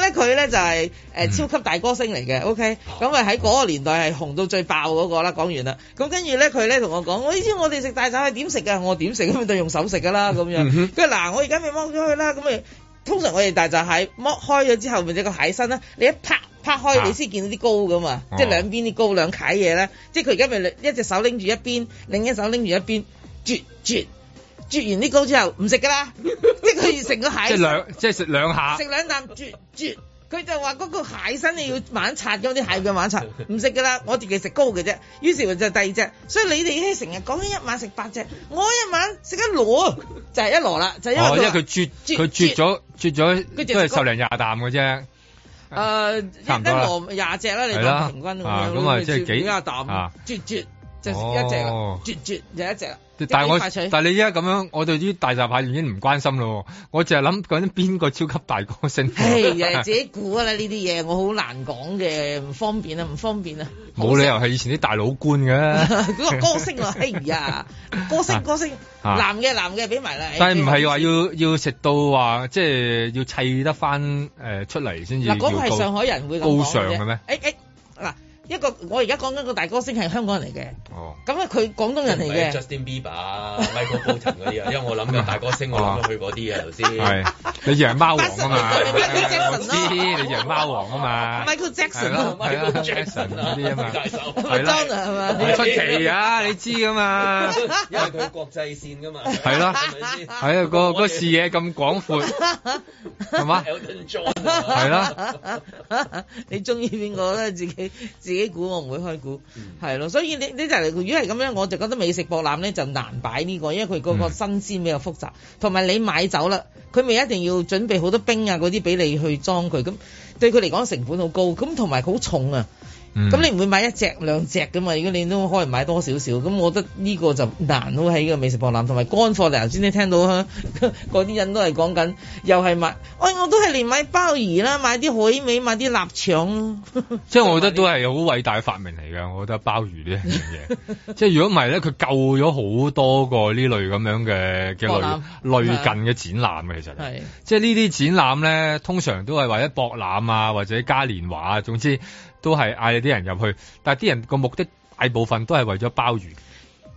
咧，佢咧就係、是呃嗯、超級大歌星嚟嘅，OK、哦。咁啊喺嗰個年代係紅到最爆嗰個啦。講完啦。咁跟住咧，佢咧同我講：我知我哋食大閘蟹點食嘅？我點食咁，就用手食㗎啦。咁樣。跟住嗱，我而家咪剝咗佢啦。咁咪，通常我哋大閘蟹剝開咗之後，咪隻個蟹身啦。你一啪，啪開，啊、你先見到啲膏㗎嘛，哦、即係兩邊啲膏兩蟹嘢咧。即係佢而家咪一隻手拎住一邊，另一隻手拎住一邊，絕絕。啜完啲膏之後唔食噶啦，即係佢要食個蟹， [laughs] 即兩，即係食兩下兩，食兩啖啜啜，佢就話嗰個蟹身你要晚刷，咗啲蟹嘅晚刷，唔食噶啦。我自己食膏嘅啫。於是就是第二隻，所以你哋咧成日講緊一晚食八隻，我一晚食一籮，就係、是、一籮啦，就是一哦就是、因為佢啜佢啜咗啜咗，啜啜都係十,十零廿啖嘅啫。誒、呃，一籮廿隻啦，你睇平均咁咁啊，啊，啊，啊，啊，即係幾一啖啜啜。哦、一隻，絕絕有一隻。但係我，這但係你依家咁樣，我對於大雜派已經唔關心咯。我淨係諗緊邊個超級大歌星，啊。唉，又自己估啊啦，呢啲嘢我好難講嘅，唔方便啊，唔方便啊。冇理由係以前啲大佬官嘅。嗰 [laughs] 個歌星啊， [laughs] 哎呀，歌星，歌星，啊，男嘅男嘅俾埋啦。但係唔係話要、啊、要食到話即係要砌得翻誒出嚟先至。嗱，嗰係上海人會高尚嘅咩？哎哎一個我而家講緊個大歌星係香港人嚟嘅，咁啊佢廣東人嚟嘅。Justin Bieber、Michael Bolton 嗰啲啊，因為我諗嘅大歌星，我諗都去嗰啲啊，頭先。係你羊貓王啊嘛，Michael Jackson 咯。知你羊貓王啊嘛，Michael Jackson 咯，Michael Jackson 嗰啲啊嘛。係啦，係嘛？出奇啊，你知噶嘛？因為佢國際線噶嘛。係咯，係咪先？係啊，個個視野咁廣闊，係嘛？係啦，你中意邊個都自己自。自己估，我唔會開估，係、嗯、咯，所以你你就嚟，如果係咁樣，我就覺得美食博覽咧就難擺呢、呢個，因為佢嗰個新鮮比較複雜，同埋你買走啦，佢未一定要準備好多冰啊嗰啲俾你去裝佢，咁對佢嚟講成本好高，咁同埋好重啊。咁、嗯、你唔會買一隻兩隻噶嘛？如果你都可能買多少少，咁我覺得呢個就難好喺個美食博覽同埋乾貨。頭先你聽到嗰啲人都係講緊，又係買，哎，我都係嚟買鮑魚啦，買啲海味，買啲臘腸。即係我覺得都係好偉大嘅發明嚟嘅。我覺得鮑魚 [laughs] 呢樣嘢，即係如果唔係咧，佢救咗好多個呢類咁樣嘅嘅類類，類近嘅展覽嘅。其實，即係呢啲展覽咧，通常都係為咗博覽啊，或者嘉年華啊，總之。都係嗌啲人入去，但係啲人個目的大部分都係為咗鮑魚。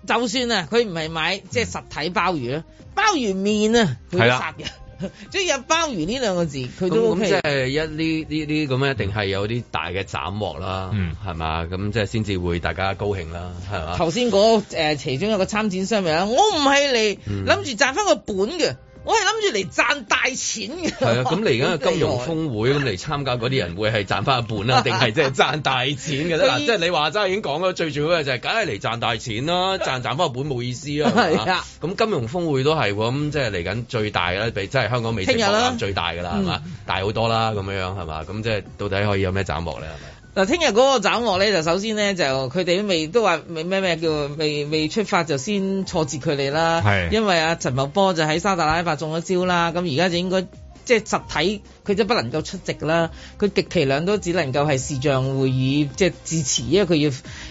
就算啊，佢唔係買即係、就是、實體鮑魚啦，鮑、嗯、魚麵啊，佢殺人，即係有鮑魚呢兩個字，佢都咁、OK、即係一呢呢啲咁樣，嗯、一定係有啲大嘅斬獲啦，嗯，係嘛，咁即係先至會大家高興啦，係嘛。頭先嗰個誒，其中有一個參展商嚟啊，我唔係嚟諗住賺翻個本嘅。我係諗住嚟賺大錢嘅、啊啊。 [laughs] [laughs] 啊，咁嚟緊金融峰會咁嚟參加嗰啲人會係賺翻一半啦，定係即係賺大錢嘅、啊、咧？嗱、啊， [laughs] 即係你話齋係已經講咗，最重要嘅就係梗係嚟賺大錢啦，賺賺翻個本冇意思啦。咁金融峰會都係咁，即係嚟緊最大啦，比即係香港美資博覽最大嘅啦，係嘛？大好多啦，咁、嗯、樣係嘛？咁即係到底可以有咩斬獲咧？係咪？嗱，聽日嗰個展望咧，就首先咧就佢哋都未都話未咩咩叫未未出發就先挫折佢哋啦。係，因為阿陳茂波就喺沙特阿拉伯中咗招啦，咁而家就應該即係實體佢都不能夠出席啦，佢極其量都只能夠係視像會議即係致辭。因為佢要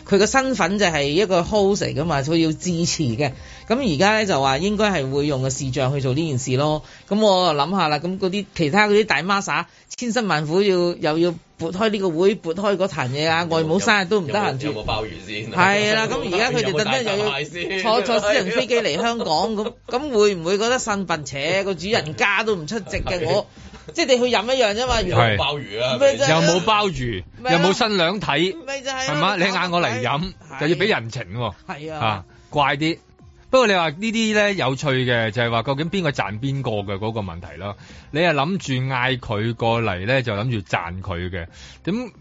佢個身份就係一個 host 嚟㗎嘛，佢要致辭嘅。咁而家咧就話應該係會用個視像去做呢件事咯。咁我諗下啦，咁嗰啲其他嗰啲大媽撒千辛萬苦要又要。撥開呢個會，撥開嗰壇嘢啊！外母生日都唔得閒煮，有冇鮑魚先，啊？係啦，啊，咁而家佢哋特登又要坐有有大大，啊，坐，坐私人飛機嚟香港，咁 [laughs] 咁會唔會覺得身份扯？個 [laughs] 主人家都唔出席嘅， [laughs] 我即係你去飲一樣啫嘛。有冇鮑魚係係啊？又冇鮑魚？啊，又冇新娘睇？係咪，啊？嘛？你嗌我嚟飲，又，啊，要俾人情喎，啊。係啊。啊，怪啲。不過你話呢啲咧有趣嘅就係、是、話究竟邊個賺邊個嘅嗰個問題啦。你係諗住嗌佢過嚟咧就諗住賺佢嘅，點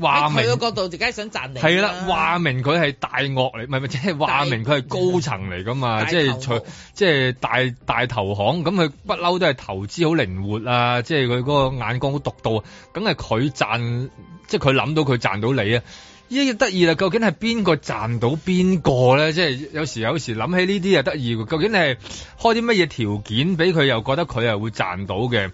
話明佢角度自己想賺你？係啦，話明佢係大鱷嚟，唔係咪？即係話明佢係高層嚟噶嘛？即係即係大、就是大，就是就是、大，大投行，咁佢不嬲都係投資好靈活啊！即係佢嗰個眼光好獨、就是、到，梗係佢賺，即係佢諗到佢賺到你啊！呢啲得意啦，究竟係邊個賺到邊個咧？即係有時有時諗起呢啲又得意。究竟你係開啲乜嘢條件俾佢，又覺得佢係會賺到嘅？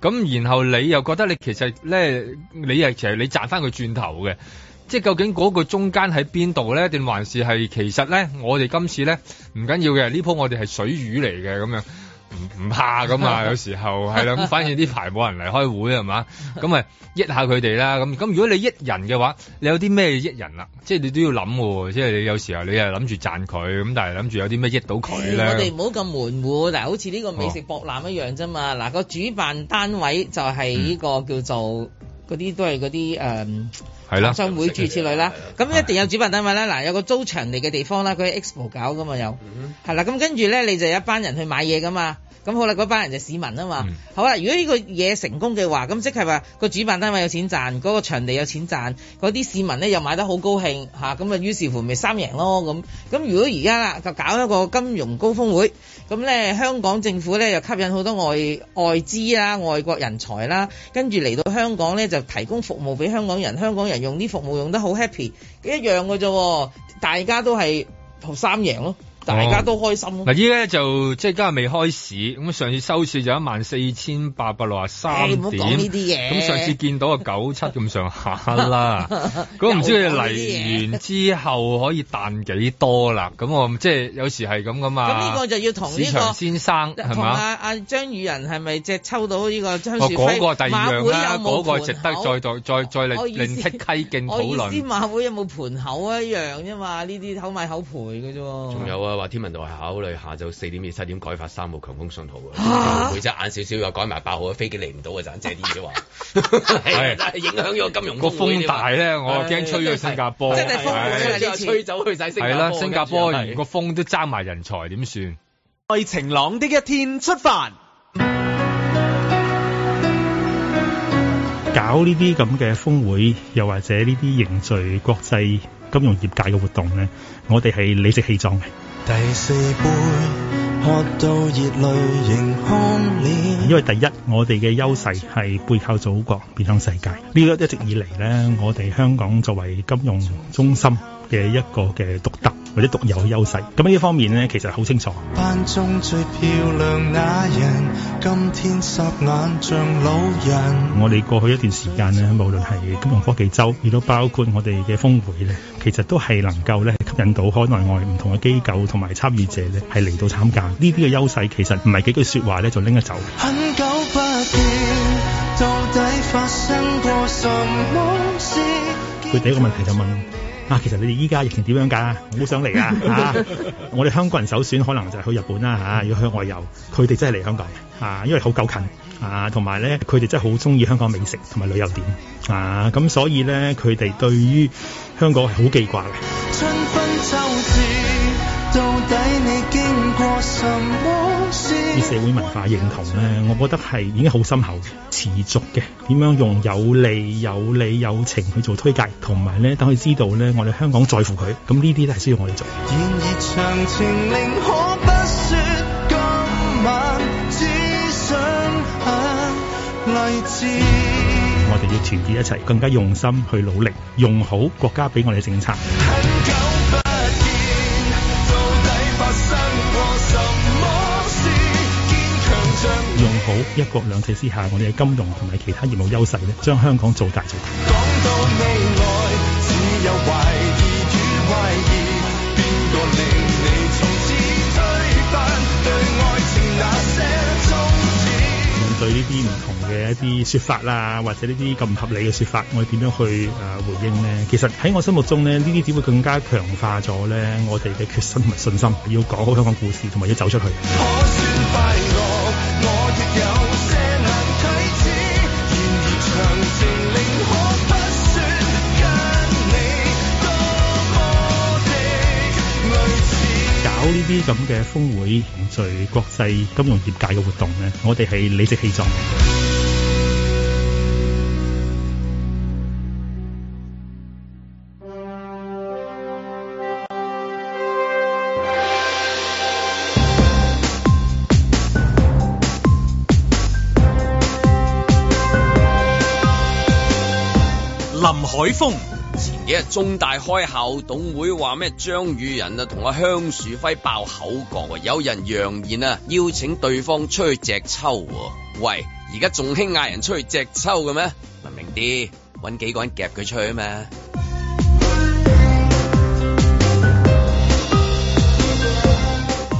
咁然後你又覺得你其實咧，你係其實你賺翻佢轉頭嘅？即係究竟嗰個中間喺邊度咧？定還是係其實咧？我哋今次咧唔緊要嘅，呢鋪我哋係水魚嚟嘅咁樣。唔唔怕咁啊，有時候係啦，咁反而啲排冇人嚟開會係嘛，咁咪益下佢哋啦，咁咁如果你益人嘅話，你有啲咩益人啦？即係你都要諗，即係你有時候你又諗住讚佢，咁但係諗住有啲咩益到佢咧？我哋唔好咁門戶，但好似呢個美食博覽一樣啫嘛，嗱、啊、個主辦單位就係呢個叫做。嗯嗰啲都係嗰啲誒，商、嗯、會諸如此類啦，咁一定有主辦單位啦。嗱，有個租場地嘅地方啦，佢喺 EXPO 搞㗎嘛，又係啦。咁跟住呢，你就有一班人去買嘢㗎嘛。咁好啦，嗰班人就市民啊嘛。嗯、好啦，如果呢個嘢成功嘅話，咁即係話個主辦單位有錢賺，嗰、嗰個場地有錢賺，嗰啲市民呢又買得好高興嚇，咁啊於是乎咪三贏咯咁。咁如果而家啦就搞一個金融高峰會，咁呢香港政府呢又吸引好多外外資啦、外國人才啦，跟住嚟到香港呢，就提供服務俾香港人，香港人用啲服務用得好 happy，一樣嘅啫，大家都係三贏咯。大家都開心嗱、啊，依、哦、咧就即係今日未開市，咁上次收市就一萬四千八百六十三點。唔好講呢啲嘢。咁上次見到啊九七咁上下啦。咁 [laughs] 唔 [laughs] [laughs] 知佢嚟完之後可以彈幾多啦？咁我即係有時係咁㗎嘛。咁呢個就要同呢、呢個市場先生係嘛？同阿阿張宇人係咪即係抽到呢個張、哦嗰個我第二樣啦、啊，嗰、嗰個值得再再再再嚟另闢蹊徑討論。我意思，我意思馬會有冇盤口一樣啫、啊、嘛，呢啲口賣口賠嘅啫。仲有啊！話天文台考慮下晝四點至七點改發三號強風信號嘅、啊，每隻眼少少又改埋八號嘅飛機嚟唔到嘅就，借啲嘢話係影響咗金融個風,風大咧，我驚吹去新加坡，即係風吹,吹走呢次吹走去晒新加坡，個、啊、風都爭埋人才點算？在晴朗的一天出發，搞呢啲咁嘅峯會，又或者呢啲凝聚國際金融業界嘅活動咧，我哋係理直氣壯嘅。第四杯喝到熱淚盈眶臉，因為第一我哋嘅優勢係背靠祖國面向世界，呢個一直以嚟咧，我哋香港作為金融中心。嘅一個嘅獨特或者獨有嘅優勢，咁喺呢方面咧，其實好清楚。班中最漂亮那人，今天霎眼像老人。我哋過去一段時間咧，無論係金融科技周，亦都包括我哋嘅峯會咧，其實都係能夠咧吸引到海內外唔同嘅機構同埋參與者咧，係嚟到參加。呢啲嘅優勢其實唔係幾句説話咧就拎得走。很久不見，到底發生過什麼事？佢第一個問題就問。啊，其實你哋依家疫情點樣㗎？好想嚟啊！ [laughs] 我哋香港人首選可能就係去日本啦嚇、啊，要去外遊，佢哋真係嚟香港嚇、啊，因為好夠近。啊，同埋咧，佢哋真係好中意香港美食同埋旅遊點啊！咁所以咧，佢哋對於香港係好記掛嘅。啲社會文化認同咧，我覺得係已經好深厚嘅，持續嘅點樣用有利、有利有情去做推介，同埋咧等佢知道咧，我哋香港在乎佢，咁呢啲都係需要我哋做。我哋要團結一齊，更加用心去努力，用好國家俾我哋政策。用好一國兩制之下，我哋嘅金融同埋其他業務優勢呢，將香港做大做。講到未來，只有懷疑與懷疑，邊個令你從此推翻對愛情那些宗旨？面對呢啲唔同。一啲說法啦，或者呢啲咁唔合理嘅說法，我哋點樣去誒回應呢？其實喺我心目中呢，呢啲只會更加強化咗咧我哋嘅決心同埋信心，要講好香港故事，同埋要走出去。搞呢啲咁嘅峰會凝聚國際金融業界嘅活動呢，我哋係理直氣壯。海風，前幾日中大開校董會，話咩張宇仁啊同阿香樹輝爆口角，有人揚言啊邀請對方出去隻揪、啊。喂，而家仲興嗌人出去隻揪嘅咩？文明啲，搵幾個人夾佢出去啊嘛。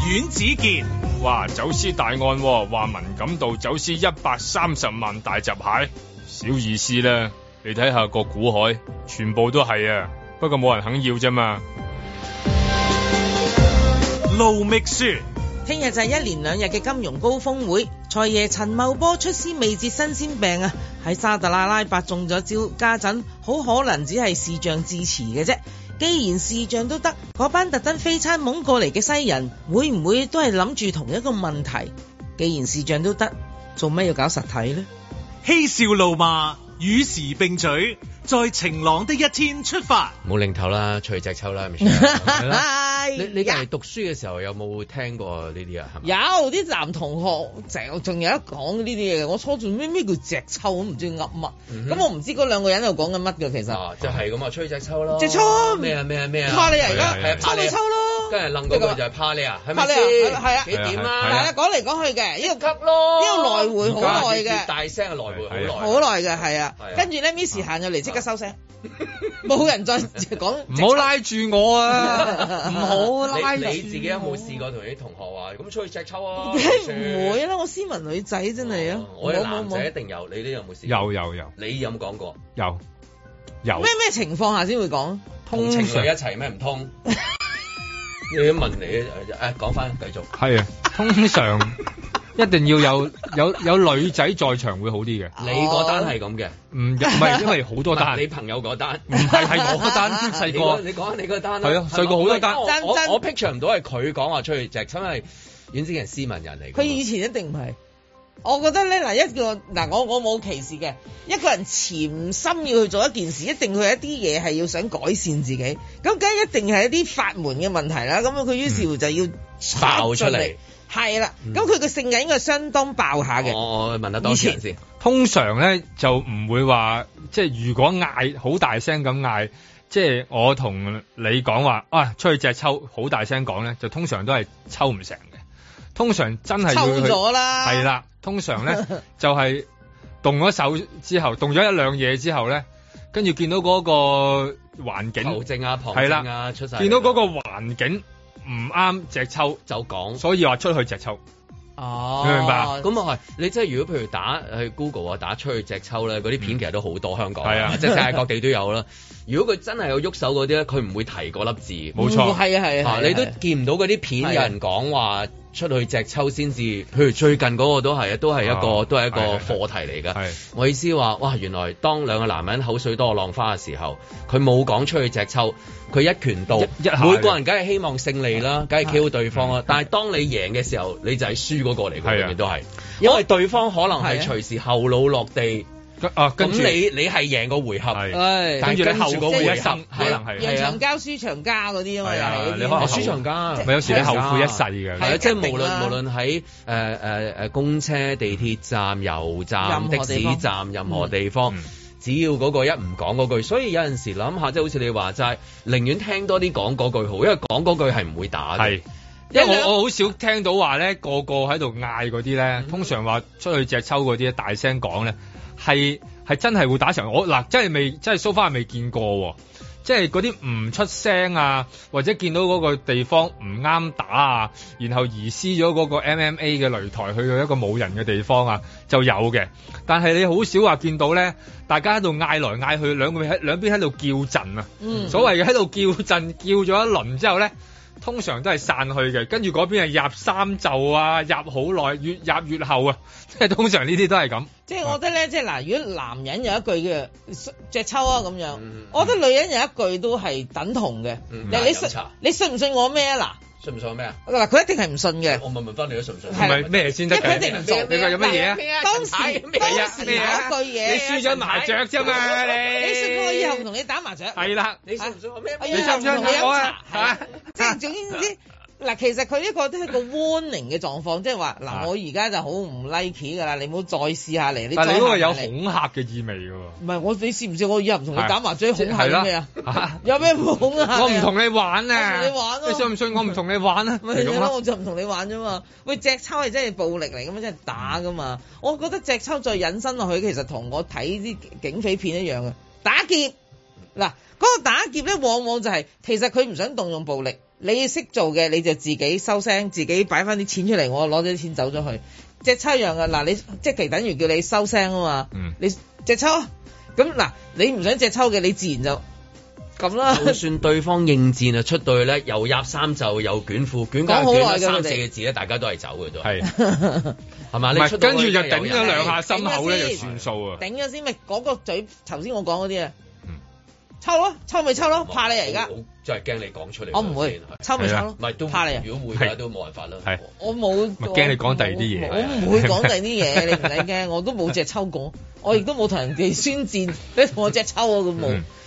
阮子健，哇，走私大案、哦，話文錦渡走私一百三十萬大閘蟹，蟹，小意思啦。你睇下個古海，全部都係啊，不過冇人肯要啫嘛。盧覓雪，聽日就係一連兩日嘅金融高峰會。財爺陳茂波出師未捷身先病啊，喺沙特阿拉伯中咗招，家陣好可能只係視像致辭嘅啫。既然視像都得，嗰班特登飛餐懵過嚟嘅西人，會唔會都係諗住同一個問題？既然視像都得，做咩要搞實體呢？嬉笑怒罵。與時並舉。在晴朗的一天出發，冇零頭啦，吹隻抽啦，係啦。 [laughs] 你你哋讀書嘅時候有冇聽過呢啲啊？ [laughs] 有啲男同學仲有一講呢啲嘢嘅，我初仲咩咩叫隻抽，我唔知噏乜。咁我唔知嗰兩個人喺度講緊乜嘅其實。就係咁啊，吹、就是、隻抽咯，隻抽咩啊咩啊咩啊？怕你啊而家係啊，抽到抽咯，跟住楞到就係怕你啊，係咪先？係啊，幾點啦？嗱，講嚟講去嘅呢個急咯，呢個來回好耐嘅，大聲啊，來回好耐，好耐嘅係啊。跟住咧，Miss 行咗嚟即。收聲，冇人再講，唔好拉住我啊！唔好拉。你自己有冇試過同啲同學話咁出去 c 抽 e c k c 啊？唔會啦、啊，我斯文女仔真係啊！嗯、我係男仔一定有，你都有冇試？有有有，你有冇講過？有有。咩咩情況下先會講、 [laughs] 啊？ [laughs] 通常一齊咩唔通？你問你啊？誒，講翻繼續。係啊，通常。一定要有 [laughs] 有有女仔在場會好啲嘅。你嗰單係咁嘅，唔唔係因為好多單。 [laughs] 你朋友嗰單，唔係係我嗰單細個。你講下你嗰單啦，係啊，細個好多單。我，我，我，我 picture 唔到係佢講話出去，就因為阮先生係斯文人嚟。佢以前一定唔係。我覺得咧嗱，一個嗱我我冇歧視嘅，一個人潛心要去做一件事，一定佢有一啲嘢係要想改善自己。咁梗係一定係一啲法門嘅問題啦。咁佢於是乎就要、嗯、爆出嚟。係啦，咁佢個性格應該相當爆下嘅、哦。我問問得多啲先。通常咧就唔會話，即係如果嗌好大聲咁嗌，即係我同你講話，啊出去隻抽好大聲講咧，就通常都係抽唔成嘅。通常真係抽咗啦。係啦，通常咧 [laughs] 就係動咗手之後，動咗一兩嘢之後咧，跟住見到嗰個環境。球證啊，旁證啊，係啦、啊，出見到嗰個環境。唔啱直抽就講，所以話出去直抽哦，你明白啊？咁、就是、你即係如果譬如打去 Google 啊，打出去直抽咧，嗰啲片其實都好多、嗯、香港係啊， [laughs] 即係世界各地都有啦。如果佢真係有喐手嗰啲咧，佢唔會提嗰粒字，冇錯，係、嗯、啊係啊，啊，啊，啊，啊，啊，你都見唔到嗰啲片有、啊、人講話。出去隻抽先至，譬如最近嗰個都係啊，都係一個都係一個課題嚟噶。Oh, yes, yes, yes. 我意思話，哇，原來當兩個男人口水多浪花嘅時候，佢冇講出去隻抽，佢一拳到，每個人梗係希望勝利啦，梗係 KO 對方啦。Uh, um, 但係當你贏嘅時候，你就係輸嗰個嚟，佢裏面都係，因為對方可能係隨時後腦落地。Yes. 啊，咁你你係贏個回合，但係跟你後嗰會一失，可能係贏、啊啊啊啊啊、長交輸長交嗰啲啊嘛，輸長交咪有時你後悔一世嘅，係啊，啊，啊，啊，啊，即係無論無論喺誒誒誒公車、地鐵站、油站、的士站，任何地方，嗯、只要嗰個一唔講嗰句、嗯，所以有陣時諗下，即係好似你話齋，寧、就、願、是、聽多啲講嗰句好，因為講嗰句係唔會打嘅，因為我因為我好少聽到話咧，個個喺度嗌嗰啲咧，通常話出去借抽嗰啲，大聲講咧。係係真係會打成我嗱，真係未真係 so far 係未見過，未見過，即係嗰啲唔出聲啊，或者見到嗰個地方唔啱打啊，然後移師咗嗰個 MMA 嘅擂台去到一個冇人嘅地方啊，就有嘅。但係你好少話見到咧，大家喺度嗌來嗌去，兩個喺兩邊喺度叫陣啊。嗯，所謂喺度叫陣，叫咗一輪之後咧，通常都係散去嘅，跟住嗰邊係入三袖啊，入好耐，越入越後啊，即係通常呢啲都係咁。即、就、係、是、我覺得咧，即係嗱，如果男人有一句嘅隻抽啊咁樣、嗯，我覺得女人有一句都係等同嘅。嗯就是、你，你信？你信唔信我咩啊？嗱？信唔信我咩啊？嗱，佢一定係唔信嘅。我問問翻你咯，信唔信？唔係咩先得嘅。你話有乜嘢啊？當時你有一句嘢，你輸咗麻雀啫嘛你。你信我以後唔同你打麻雀。係啦。你信唔信我咩？你信唔信我啊？即係總之。true lleg redemption 嗱，其實佢呢個都係一個 warning 嘅狀況，即係話嗱，我而家就好唔 like 嘅啦，你唔好再試下嚟。但係你嗰個有恐嚇嘅意味嘅喎。唔係我，你試唔試？我以後唔同你打麻雀恐嚇你，你啊！有咩恐嚇？我唔同你玩啊！你玩你信唔信？我唔同你玩啊！咁我就唔同你玩啫嘛。喂，隻抽係真係暴力嚟，噶嘛，真係打噶嘛？我覺得隻抽再引申落去，其實同我睇啲警匪片一樣嘅打劫。嗱，嗰個打劫咧，往往就係、係、其實佢唔想動用暴力。你識做嘅你就自己收聲，自己擺翻啲錢出嚟，我攞咗啲錢走咗去。借抽一樣㗎。嗱，你即係等於叫你收聲啊嘛。嗯。你借抽，咁嗱你唔想借抽嘅，你自然就咁啦。就算對方應戰啊，出到呢，咧，又壓三袖就又捲褲，捲翻捲翻三四個字咧，大家都係走嘅都係。係咪？ [laughs] 是吧 [laughs] 你跟住就頂咗兩下，兩下心口咧，就算數啊！頂咗先咪？嗰、嗰個嘴頭先我講嗰啲啊。抽咯，抽咪抽咯，怕你啊而家！真係驚你講出嚟，我唔會抽咪抽咯，唔係都怕你，抽抽、啊都怕你啊。如果會嘅話都冇辦法啦、哦。我冇驚你講第二啲嘢，我唔、啊、會講第二啲嘢， [laughs] 你唔使驚。我都冇隻抽過， [laughs] 我亦都冇同人哋宣戰。 [laughs] 你同我隻抽啊，咁 [laughs] 冇。嗯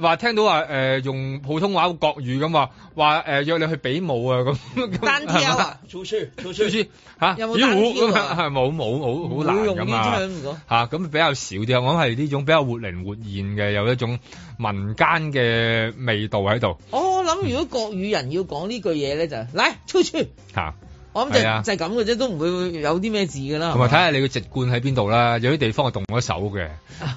話聽到話誒、呃、用普通話國語咁話話誒約你去比武啊，咁單挑啊？粗粗粗操！吓、啊、有冇單冇、啊，冇冇好好難用咁，啊吓，咁比較少啲，我諗係呢種比較活靈活現嘅，有一種民間嘅味道喺度、哦。我諗如果國語人要講呢句嘢咧，就嚟粗粗吓。我諗就係咁嘅啫，都唔會有啲咩字嘅啦。同埋睇下你嘅籍貫喺邊度啦，有啲地方係動咗手嘅，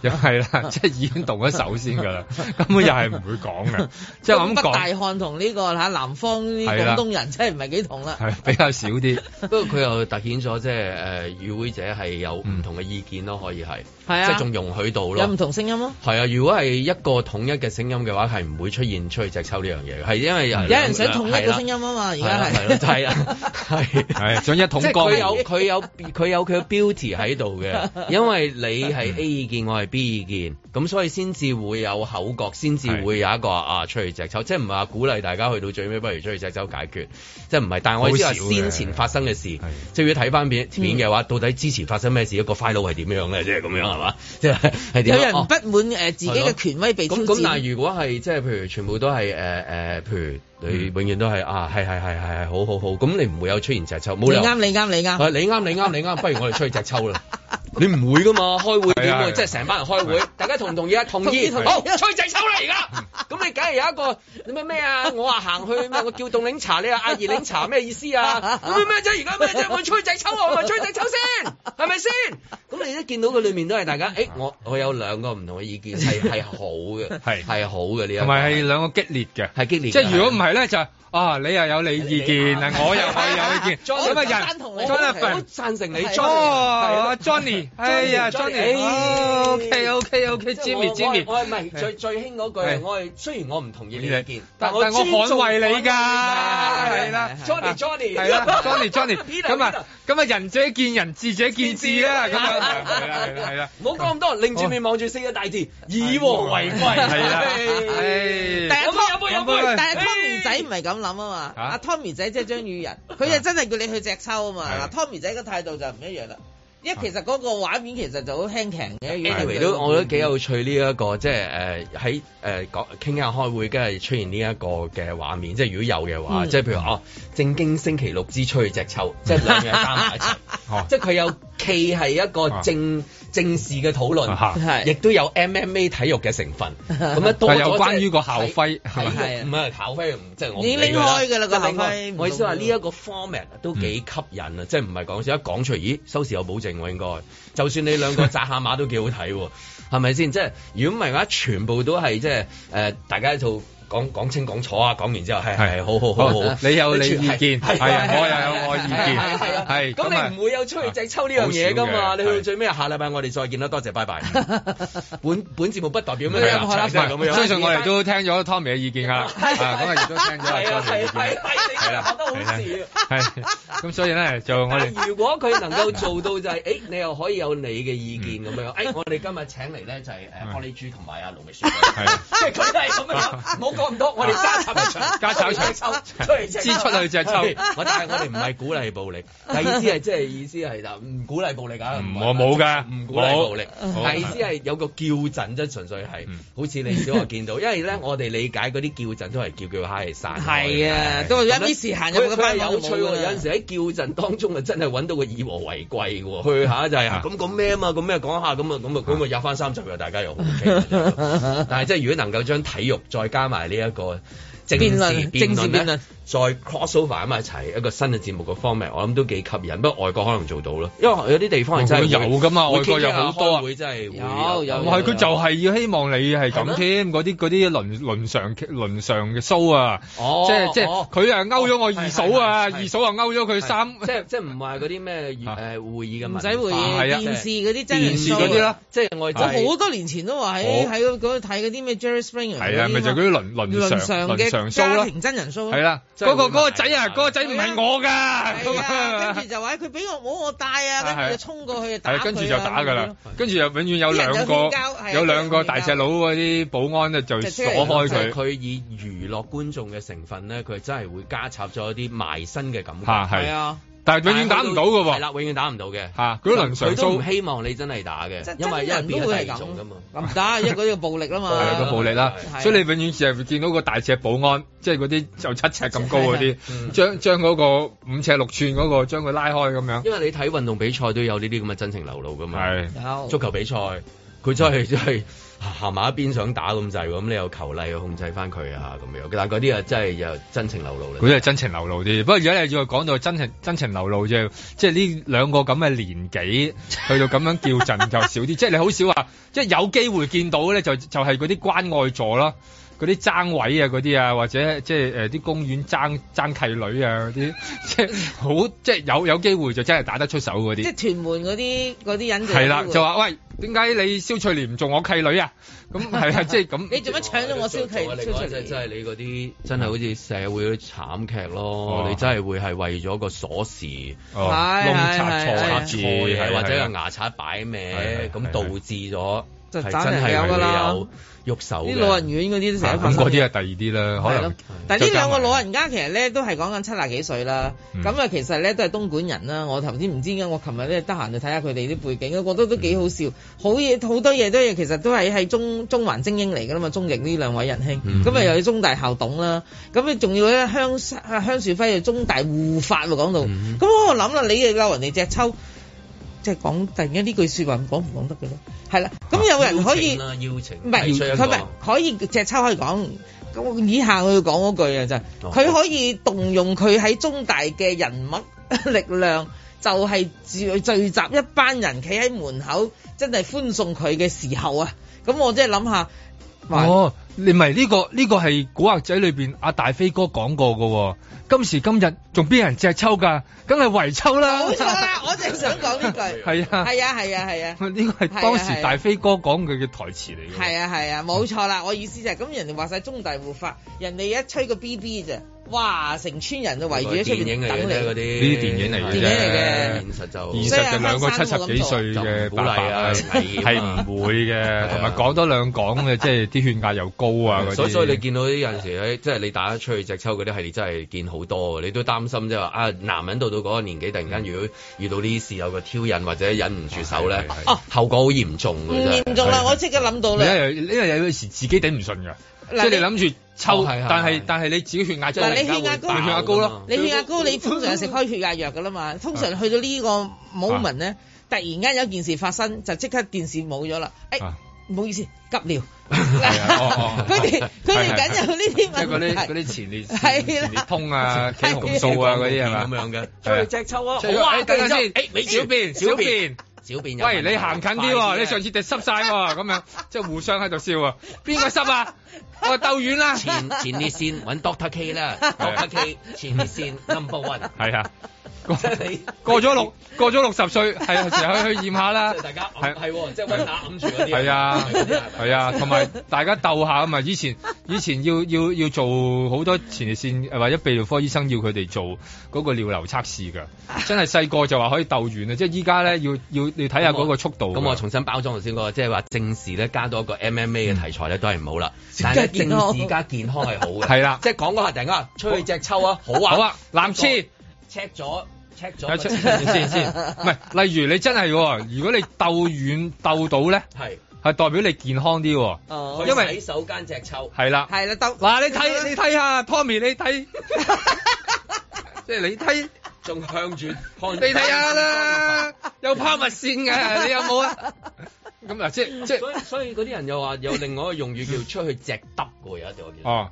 又係啦，即係已經動咗手先嘅啦，根本又係唔會講嘅。即 [laughs] 係我咁講。大漢同呢個嚇南方啲廣東人真係唔係幾同啦、啊，比較少啲。不過佢又突顯咗即係誒與會者係有唔同嘅意見咯，可以係、啊、即係仲容許到咯，有唔同聲音咯。係啊，如果係一個統一嘅聲音嘅話，係唔會出現出去直抽呢樣嘢嘅，係因為有人想統一嘅聲音啊嘛，而家係啊，係。 [laughs] 係啊，像一桶缸。即佢有佢有佢有佢嘅標 e 喺度嘅，因為你係 A 意見，我係 B 意見。咁、嗯、所以先至會有口角，先至會有一個啊出去隻抽，即係唔係話鼓勵大家去到最尾不如出去隻抽解決，即係唔係？但係我知先前發生嘅事，即係要睇翻片片嘅、嗯、話，到底之前發生咩事，一個 file 係點樣嘅？即係咁樣係嘛？即係係點？有人不滿、哦、自己嘅權威被超越。咁、嗯、咁，但係如果係即係譬如全部都係誒、呃、譬如你永遠都係啊係係係係係好好好，咁你唔會有出現隻抽冇理由你啱，你啱，你啱。你啱、啊，你啱，你啱，你你你 [laughs] 不如我哋出去隻抽啦。你唔會噶嘛？開會你會、啊啊啊、即係成班人開會，啊、大家同唔同意啊？同意，同意，同意好、啊、吹仔抽啦而家，咁 [laughs] 你梗係有一個咩咩啊？我話行去咩？我叫凍檸茶，你話嗌熱檸茶咩意思啊？咁咩即係而家咩即係換吹仔抽啊？我係吹仔抽先，係咪先？咁 [laughs] 你都見到佢裏面都係大家，誒、欸、我我有兩個唔同嘅意見係係 [laughs] 好嘅，係好嘅呢一，同埋係兩個激烈嘅，係激烈。即係如果唔係咧，就係啊你又有你意見我又可以有意見。咁我，我贊成你 Johnny Johnny, Johnny，哎呀，Johnny，OK，OK，OK，Jimmy，Jimmy，哎哦 okay, okay，我係咪最最興嗰句？我係雖然我唔同意你嘅見，你你但係我捍衞你㗎，係啦，Johnny，Johnny，係啦，Johnny，Johnny，咁啊，咁啊，Peter，仁者見仁，智者見智啦，咁啊，係啦，唔好係講咁多，擰住面望住四個大字，以和為貴，係啦，但係 Tommy 仔唔係咁諗啊嘛，阿 Tommy 仔即係張宇仁，佢就真係叫你去隻抽啊嘛，嗱 Tommy 仔嘅態度就唔一樣啦。因為其實嗰個畫面其實就好輕鬆嘅一樣。Anyway，都我覺得幾有趣呢一、這個，即係誒喺誒講傾下開會，梗係出現呢一個嘅畫面。即如果有嘅話，嗯、即譬如啊，正經星期六之出去隻抽，嗯、就是個 [laughs] 即係兩日加埋，即係佢有企係一個正。啊正式嘅討論，係亦都有 MMA 體育嘅成分，咁咧都有關於個校徽，係唔唔係校徽，唔即係我。你拎開㗎啦，個校徽。我意思話呢一個 format 都幾吸引啊，嗯，即係唔係講笑，一講出嚟，咦，收視有保證喎，應該。就算你兩個扎下馬都幾好睇喎，係咪先？即係如果唔係嘅話，全部都係即係誒，大家一套。講講清講楚啊！講完之後係係係好好好好，你有你意見係啊，我又有我意見係啊，係咁你唔會有出去直抽呢樣嘢㗎嘛？你去到最尾下禮拜我哋再見啦，多謝拜拜。本本節目不代表咩？唔係咁樣，相信我哋都聽咗 Tommy 嘅意見㗎，咁我亦都聽咗 Tommy 嘅意見。係啦，講得好笑。係咁，所以咧就我哋如果佢能夠做到就係誒，你又可以有你嘅意見咁樣。誒，我哋今日請嚟咧就係誒玻璃珠同埋阿龍未雪，即係佢哋咁樣冇。講唔多，我哋加插搶，加搶抽，出出，出去只抽。但係我哋唔係鼓勵暴力，第二意思係即係意思係就唔鼓勵暴力㗎。我冇㗎，唔鼓勵暴力。第二意思係有個叫陣啫，純粹係好似你小學見到，因為咧我哋理解嗰啲叫陣都係叫叫嗨曬。係啊係，都有啲時行入嗰班都有，有趣喎。有陣時喺叫陣當中啊，真係揾到個以和為貴㗎喎。去下就係。咁咁咩啊嘛？咁咩講下？咁啊咁啊咁啊入翻三十個大家又，但係即係如果能夠將體育再加埋。呢、這、一個。辯論辯論，再 cross over 咁埋一齊一個新嘅節目個方面，我諗都幾吸引。不過外國可能做到咯，因為有啲地方係真係有咁啊。嘛 okay、外國有好多啊。會真係會、嗯、有。唔係佢就係要希望你係咁添，嗰啲嗰啲倫倫常倫常嘅 show 啊。哦。即係即係佢啊勾咗我二嫂啊，二嫂啊勾咗佢三，即係即係唔係嗰啲咩會會議仔會題？唔使會議，電視嗰啲真係。電視嗰啲啦，即係外好多年前都話喺喺嗰嗰睇嗰啲咩 Jerry Springer 係啊，咪就啲倫倫常嘅。guns inhale [noise] ms machine methodology 真人騷咯，係啦，嗰、那個嗰、那個仔、那個、啊，嗰、那個仔唔係我㗎，係啊，跟住就話佢俾我冇我帶啊，跟住就衝過去打佢，跟住就打㗎喇，跟住就永遠有兩個有兩個大隻佬嗰啲保安就鎖開佢。佢以娛樂觀眾嘅成分呢，佢真係會加插咗一啲賣身嘅感覺。但係永遠打唔到㗎喎，係啦，永遠打唔到嘅嚇，佢、啊、能難承都唔希望你真係打嘅、啊，因為有人表都係咁噶嘛，唔打因為個暴力嘛 [laughs] 一嗰啲個暴力啦嘛，係個暴力啦。所以你永遠成日見到個大隻保安，即係嗰啲就七尺咁高嗰啲、嗯，將嗰個五尺六寸嗰、嗰個將佢拉開咁樣。因為你睇運動比賽都有呢啲咁嘅真情流露噶嘛，足球比賽佢真係、嗯、真係。行埋一邊，想打咁滯，咁你有球例去控制翻佢啊，咁樣。但嗰啲啊，真係又真情流露嘅嗰啲係真情流露啲。不過如果你再講到真情真情流露，啫，即係呢兩個咁嘅年紀，去到咁樣叫陣就少啲。即 [laughs] 係你好少話，即係有機會見到咧，就就係嗰啲關愛座啦。嗰啲爭位啊，嗰啲啊，或者即係誒啲公園爭爭契女啊，嗰啲 [laughs] 即係好即係有有機會就真係打得出手嗰啲。即係屯門嗰啲嗰啲人就係啦，就話喂，點解你蕭翠蓮唔做我契女啊？咁係啦，即係咁。你做乜搶咗我蕭契蕭翠蓮，哦就係就係嗯？真係你嗰啲真係好似社會嗰啲慘劇咯，你真係會係為咗個鎖匙窿拆錯下住，或者個牙刷擺歪咁導致咗。就是的真係有噶啦，喐手啲老人院嗰啲都成日，咁嗰啲係第二啲啦。可能但呢兩個老人家其實咧都係講緊七廿幾歲啦。咁、嗯、啊其實咧都係東莞人啦。我頭先唔知點解，我琴日咧得閒就睇下佢哋啲背景，我覺得都幾好笑。嗯、好嘢好多嘢都嘢，其實都係喺中中環精英嚟㗎啦嘛。中譯呢兩位仁兄，咁啊又要中大校董啦，咁你仲要咧香香樹輝又中大護法喎，講到咁、嗯、我諗啦，你又嬲人哋隻抽。即係講突然間呢句話說話講唔講得嘅咧？係啦，咁、嗯、有人可以邀請唔係佢唔係可以隻抽可以講。咁以下佢講嗰句啊，就係、是、佢、哦、可以動用佢喺中大嘅人物 [laughs] 力量，就係、是、聚聚集一班人企喺門口，真係歡送佢嘅時候啊！咁我即係諗下。哦，你唔係呢個呢、這個係古惑仔裏邊阿大飛哥講過嘅、哦，今時今日仲邊人隻抽噶，梗係圍抽啦，冇錯啦，我淨係想講呢句，係 [laughs] 啊，係啊，係啊，係啊，呢、啊這個係當時大飛哥講佢嘅台詞嚟嘅，係啊係啊，冇、啊啊、錯啦，我意思就係咁，人哋話晒中大護法，人哋一吹個 B B 咋。哇！成村人都圍住喺出邊等你啲，呢啲電影嚟嘅。電影嚟嘅。現實就兩個七十幾歲嘅，所以啊，生到咁大就補例啦，係唔、啊、會嘅。同埋講多兩講嘅，即係啲血壓又高啊，啊那些所以所以你見到有陣時即係 [laughs] 你打出去隻抽嗰啲係真係見好多，你都擔心即係話啊，男人到到嗰個年紀，突然間如果遇到呢啲事有個挑引或者忍唔住手咧，哦、啊啊，後果好嚴重㗎、啊、嚴重啦、啊，我即刻諗到啦。因為、啊、因為有時自己頂唔順㗎。即係你諗住抽，哦、是是是但係但係你自己血壓，嗱你血壓高，你血壓高咯，你血壓高，嗯、你通常食開血壓藥噶啦嘛，通常去到呢個 moment 咧、啊，突然間有件事發生，就即刻電視冇咗啦，哎，唔、啊、好意思，急尿，佢哋佢哋緊有呢啲問題，係嗰啲啲前列腺痛啊、前列腺、啊、 [laughs] 素啊嗰啲係嘛咁樣嘅，再 [laughs] 那些 [laughs] 隻抽啊，哎、啊、等一下先，哎，小便小便。 [laughs] 小便，喂，你行近啲喎、哦，你上次就濕晒喎，咁樣即係互相喺度笑喎。邊個濕啊？我鬥遠啦，前前列腺揾 Doctor K 啦 [laughs] ，Doctor K 前列腺 [laughs] Number One，係啊。過過咗六 [laughs] 過咗六十歲，係啊成日去去驗下啦。大家係喎，即係揾牙揞住嗰啲。係啊，係啊，同埋、啊啊啊啊啊、大家鬥下啊嘛。 [laughs] 以前以前要要要做好多前列腺或者泌尿科醫生要佢哋做嗰個尿流測試㗎。真係細個就話可以鬥完啊！即係依家咧要要要睇下嗰個速度。咁我，我重新包裝下先，即係話正視咧加多一個 MMA 嘅題材咧都係唔好啦。但係正視加健康係好嘅。係 [laughs] 啦、啊，即係講嗰下突然間出去隻抽啊！好啊，好啊，藍痴赤咗。check 咗，先先？唔係，例如你真係、哦，如果你鬥遠鬥到咧，係 [laughs] 係代表你健康啲喎、哦啊，因為洗手間隻臭，係啦，係啦，鬥嗱你睇你睇下 Tommy，你睇，即係你睇仲向住，你睇下啦， [laughs] [laughs] 看吧 [laughs] 有拋物線嘅，你有冇啊？咁 [laughs] 啊， [laughs] 即、係、即、係、 [laughs] 所以所以嗰啲人又話有另外一個用語叫出去隻耷嘅，啲 [laughs] 我記得啊、哦。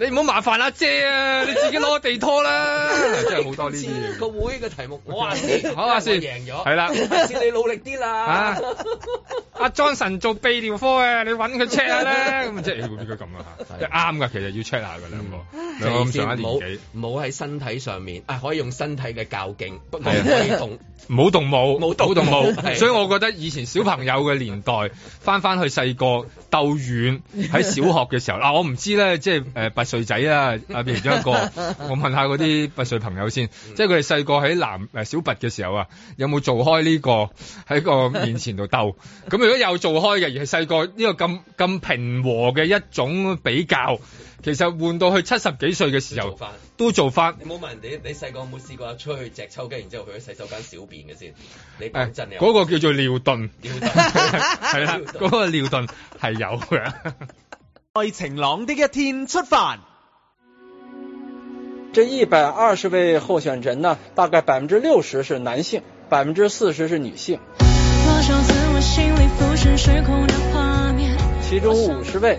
你唔好麻煩阿姐啊，你自己攞地拖啦。 [laughs] 啊、真係好多呢啲。個會個題目，我話你， [laughs] 好我話你贏咗，係啦，你努力啲啦。阿 Johnson 做泌尿科啊，你揾佢 check 下啦。咁即係畀佢咁啊？啱、啊、㗎、啊， [laughs] 其實要 check 下㗎啦、嗯嗯。你唔好唔好喺身體上面，啊可以用身體嘅較勁，唔可以同 [laughs] 唔好動武，唔好動，動武， [laughs] 所以我覺得以前小朋友嘅年代，翻翻去細個 [laughs] 鬥遠喺小學嘅時候嗱，我唔知咧，即係誒八歲仔呀，啊，變成一個 [laughs] 我問下嗰啲八歲朋友先，即係佢哋細個喺男誒、呃、小拔嘅時候啊，有冇做開呢、呢個喺個面前度鬥？咁 [laughs] 如果有做開嘅，而係細個呢個咁咁平和嘅一種比較。其實換到去七十幾歲嘅時候，都做翻。你冇問人你細個有冇試過出去只抽筋，然之後去咗洗手間小便嘅先？哎、先你講真，嗰、嗰個叫做尿遁，係啦，嗰 [laughs] [laughs] 是 [laughs] 廖 [laughs] 廖 [laughs] 個尿遁係有嘅。在晴朗的一天出發。這一百二十位候選人呢，大概百分之六十是男性，百分之四十是女性。多少我心浮的畫面其中五十位。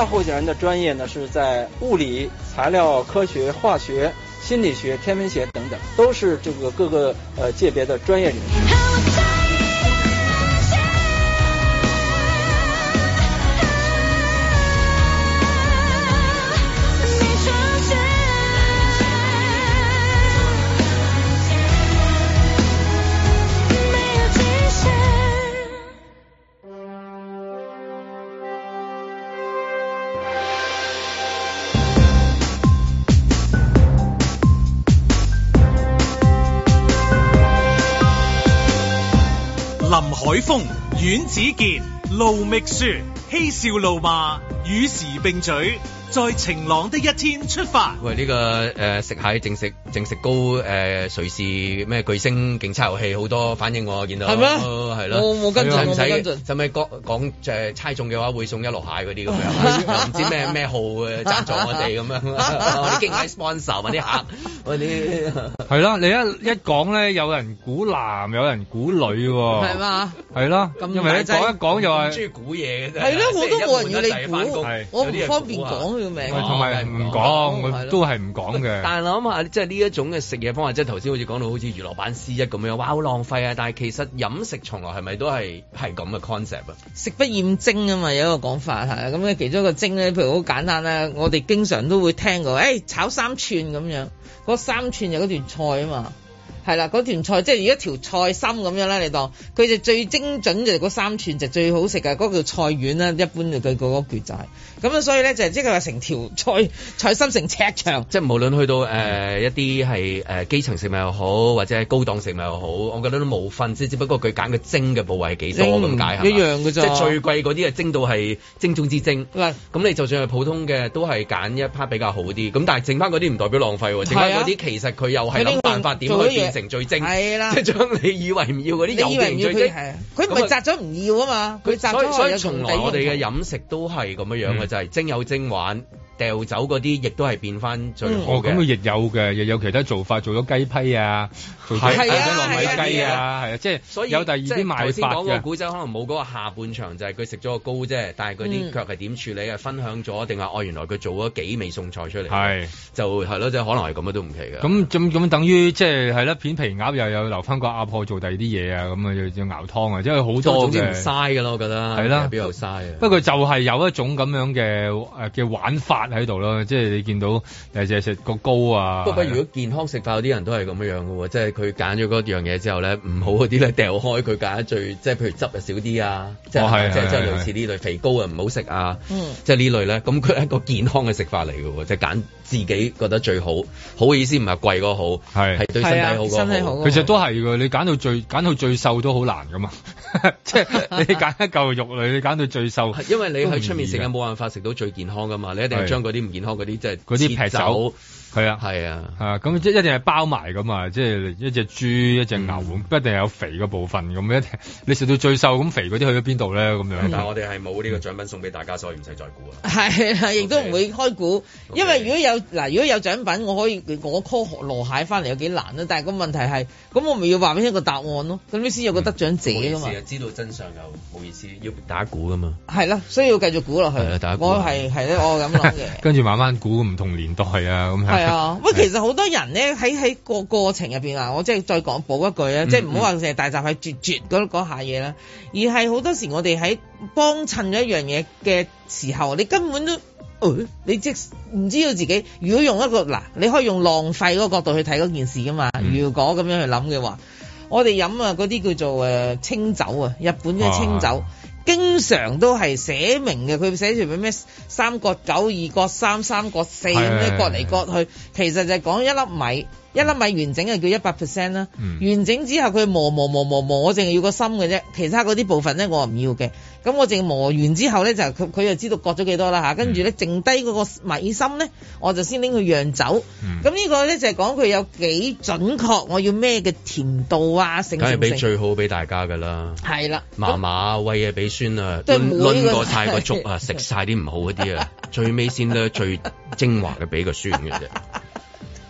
那候選人的專業呢，是在物理、材料科學、化學、心理學、天文學等等，都是這個各個呃界別的專業人士。林海峰、阮子健、盧覓雪嬉笑怒罵，與時並舉。在晴朗的一天出發。喂，呢個誒食蟹正食正食高誒，瑞士咩巨星？競猜遊戲好多反應喎，我見到係咩？係咯。我我跟進唔使。使唔使講講誒猜中嘅話，會送一籮蟹嗰啲咁樣？唔知咩咩號嘅贊助我哋咁樣？啲經紀 sponsor 啊，啲客嗰啲。係咯，你一一講咧，有人估男，有人估女喎。係嘛？係咯。咁但係真係中意估嘢嘅真係。係咯，我都冇人要你估，我唔方便講。同埋唔講，哦嗯、都係唔講嘅。但係我諗下，即係呢一種嘅食嘢方法，即係頭先好似講到好似娛樂版 C 一咁樣，哇！好浪費啊！但係其實飲食從來係咪都係係咁嘅 concept 啊？食不厭精啊嘛，有一個講法嚇。咁嘅其中一個精咧，譬如好簡單啦，我哋經常都會聽過，誒、欸、炒三寸咁樣，嗰三寸就嗰段菜啊嘛。係啦，嗰條菜即係如果條菜心咁樣啦，你當佢就最精準嘅嗰、就係、三寸就係、最好食嘅，嗰、嗰個叫菜丸啦，一般就佢個嗰橛仔。咁啊，所以咧就即係話成條菜菜心成尺長。即係無論去到誒、呃、一啲係誒基層食物又好，或者係高檔食物又好，我覺得都冇分，即係只不過佢揀嘅精嘅部位係幾多咁解、嗯，一樣嘅咋。即係最貴嗰啲啊，精到係精中之精。咁你就算係普通嘅，都係揀一 part 比較好啲。咁但係剩翻嗰啲唔代表浪費喎，剩翻嗰啲其實佢又係諗辦法點蒸係啦，即係、就是、將你以為唔要嗰啲油，你以為唔要佢，佢唔係摘咗唔要啊嘛，佢摘咗。所以從來我哋嘅飲食都係咁樣嘅、嗯，就係、是、蒸有蒸玩。掉走嗰啲，亦都係變翻最好咁佢亦有嘅，又有其他做法，做咗雞批啊，做咗、啊啊啊、糯米雞啊，係啊，即係、啊啊啊啊、有第二啲賣法嘅。古仔可能冇嗰個下半場，就係佢食咗個糕啫。但係嗰啲腳係點處理啊、嗯？分享咗定係哦？原來佢做咗幾味餸菜出嚟？係就係咯、啊啊，即可能係咁樣都唔奇嘅。咁咁咁，等於即係係咯，片皮鴨又有留翻個鴨婆做第二啲嘢啊，咁啊，要熬湯啊，即係好多嘅。唔嘥嘅咯，我覺得。係啦、啊，邊有嘥啊？不過就係有一種咁樣嘅誒嘅玩法。喺度咯，即係你見到誒，淨係食個糕啊！不過，如果健康食法，有啲人都係咁樣樣嘅喎，即係佢揀咗嗰樣嘢之後咧，唔好嗰啲咧掉開，佢揀最即係譬如汁啊少啲啊，哦、即係即係類似呢類肥膏啊唔好食啊，嗯、即係呢類咧，咁佢係一個健康嘅食法嚟嘅喎，即係揀自己覺得最好。好嘅意思唔係貴好好過好，係對身體好過好。其實都係嘅，你揀到最揀到最瘦都好難㗎嘛。 [laughs] 即係是 [laughs] 你揀一嚿肉類，你揀到最瘦，因為你去出面食嘅冇辦法食到最健康㗎嘛，你一定係將嗰啲唔健康，嗰啲即係嗰啲啤酒。係啊，係啊，啊，啊咁即、嗯嗯嗯、一定係包埋噶嘛，即係一隻豬一隻牛唔一定有肥嘅部分咁。一你食到最瘦咁肥嗰啲去咗邊度咧？咁樣、嗯，但我哋係冇呢個獎品送俾大家，所以唔使再估啊。係，亦都唔會開估，因為如果有嗱、啊，如果有獎品，我可以我科學羅蟹翻嚟有幾難啊。但係個問題係，咁我咪要話俾你一個答案咯、啊。咁你先有個得獎者嘛。冇、嗯、意思、啊、知道真相又冇意思，要打鼓噶嘛。係、啊、所以要繼續估落去。啊、我係係咧，我咁諗嘅。跟住慢慢估唔同年代啊咁。啊！喂，其實好多人咧喺喺個過程入面啊，我即係再講補一句啊、嗯嗯，即係唔好話成日大閘蟹絕絕嗰嗰下嘢啦，而係好多時我哋喺幫襯咗一樣嘢嘅時候，你根本都誒、哦，你即唔知道自己。如果用一個嗱，你可以用浪費嗰個角度去睇嗰件事噶嘛、嗯？如果咁樣去諗嘅話，我哋飲啊嗰啲叫做誒、呃、清酒啊，日本嘅清酒。啊經常都係寫明嘅，佢寫住咩咩三角九、二角三、三角四咁樣割嚟割去，其實就係講一粒米。一粒米完整啊叫一百 percent 啦，完整之後佢磨磨磨磨磨，我淨係要個心嘅啫，其他嗰啲部分咧我唔要嘅，咁我淨磨完之後咧就佢佢就知道割咗幾多啦吓，跟住咧剩低嗰個米心咧，我就先拎佢釀酒。咁、嗯、呢個咧就係講佢有幾準確，我要咩嘅甜度啊，成。梗係俾最好俾大家噶啦，係啦，麻麻喂嘢俾孫啦，輪個泰國粥啊，食晒啲唔好嗰啲啊，最尾先咧最精華嘅俾個孫嘅啫。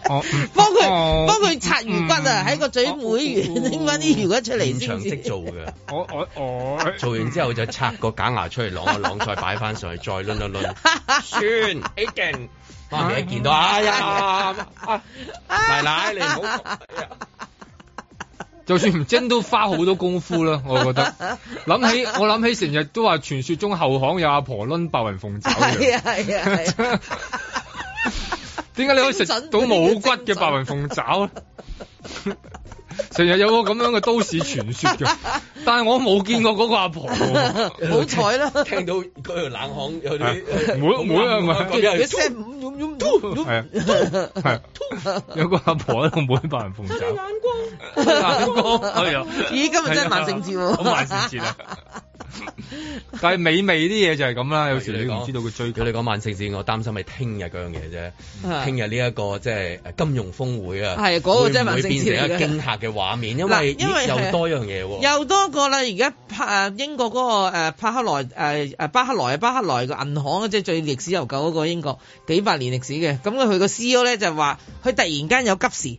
我幫佢幫佢拆魚骨啊，喺個嘴裏面拎翻啲魚骨出嚟。現場即做嘅，我我我，做完之後就拆個假牙出嚟，攞一晾，再擺翻上去，再掄掄掄。算，幾、哎、勁。哇、哎哎哎哎哎哎，你一見到哎呀奶奶，你唔好就算唔精都花好多功夫啦，我覺得。諗 [laughs] 起我諗起成日都話傳說中後巷有阿婆掄白雲鳳爪。係啊係啊。點解你可以食到冇骨嘅白雲鳳爪咧？成日 [laughs] 有個咁樣嘅都市傳說嘅，但係我冇見過嗰個阿婆，婆。好彩啦！聽到佢度冷巷有啲、啊，每樣一日唔、啊啊啊、有個阿婆喺度每白雲鳳爪。眼光眼光，哎呀！ [laughs] 咦，今日真係萬聖節喎！好萬聖節啊！ [laughs] 但係美味啲嘢就係咁啦， [laughs] 有時你唔知道佢追佢哋講萬聖節，我擔心係聽日嗰樣嘢啫。聽日呢一個即係誒金融峰會啊，係嗰個真係萬聖節嘅會變成一個驚嚇嘅畫面、那個，因為又多樣嘢喎，又多個啦。而家誒英國嗰、那個誒帕克萊誒誒巴克萊、呃、巴克萊個銀行即係最歷史悠久嗰個英國，幾百年歷史嘅。咁佢佢個 CEO 咧就話，佢突然間有急事。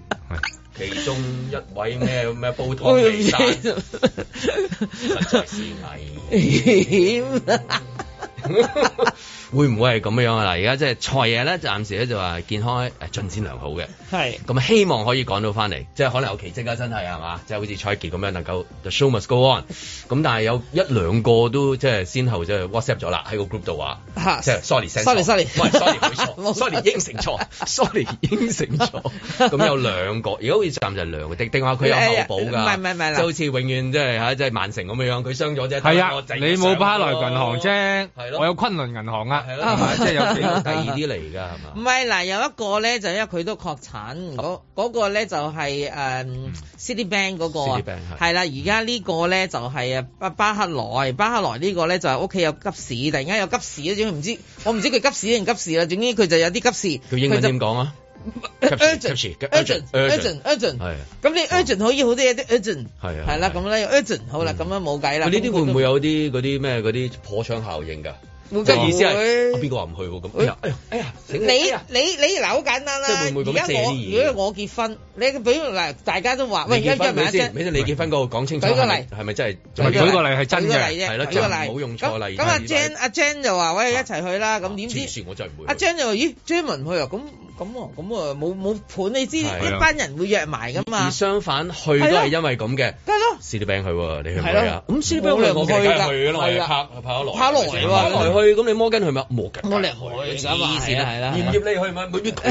其中一位咩咩煲湯大俠，實 [laughs] 險，會唔會係咁樣啊？而家即係菜嘢咧，暫時咧就話健康誒，進展良好嘅。係，咁希望可以趕到翻嚟，即係可能有奇蹟啊！真係係嘛，即係好似蔡杰咁樣能夠，the show must go on。咁但係有一兩個都即係先後即係 WhatsApp 咗啦，喺個 group 度話，即係 sorry 先生 [laughs] ，sorry sorry，唔係 sorry 冇錯，sorry 應承錯，sorry 應承錯。咁有兩個，如果好似暫時係兩嘅，定定話佢有後補㗎。唔係唔係唔係，就好似永遠即係嚇，即係曼城咁樣樣，佢傷咗即係。係啊，你冇巴萊銀行啫，我有昆侖銀行啊，係咯、嗯，即係有，有第二啲嚟㗎係嘛？唔係嗱，有一個咧就因為佢都確診。嗰、那個咧就係誒 City Bank 嗰、那個，係啦。而家呢個咧就係啊巴巴克萊，巴克萊呢個咧就係屋企有急事，突然間有急事啊！總之唔知我唔知佢急事定急事啦。總之佢就有啲急事。佢、那個、英文點講啊？急事，urgent，urgent，urgent。咁你 urgent 可以好多嘢啲、嗯、urgent。係啊。啦、啊，咁咧 urgent 好、嗯、啦，咁、嗯、樣冇計啦。呢啲會唔會有啲嗰啲咩嗰啲破窗效應㗎？即意思係邊個話唔去咁？哎呀哎呀哎呀！你、哎、呀你你嗱，好簡單啦、啊。而家我如果我結婚，你比如嗱，大家都話喂，結唔結你結婚嗰、啊、個講清楚係係，舉個例係咪真係？唔係舉個例係真嘅，係咯，就唔好用錯例。咁阿 Jan 阿 Jan 就話喂，一齊去啦。咁點知？阿 Jan 就話咦，Jan 唔去啊？咁、啊。咁咁冇冇盤，你知一班人會約埋噶嘛？而相反，去都係因為咁嘅，係咯。斯蒂兵去，你去唔去啊？咁斯蒂兵又去噶啦，嗯，去啊，跑跑落去，咁你摩根佢咪冇嘅？摩尼去，咁啊，係啦，連你去咪未都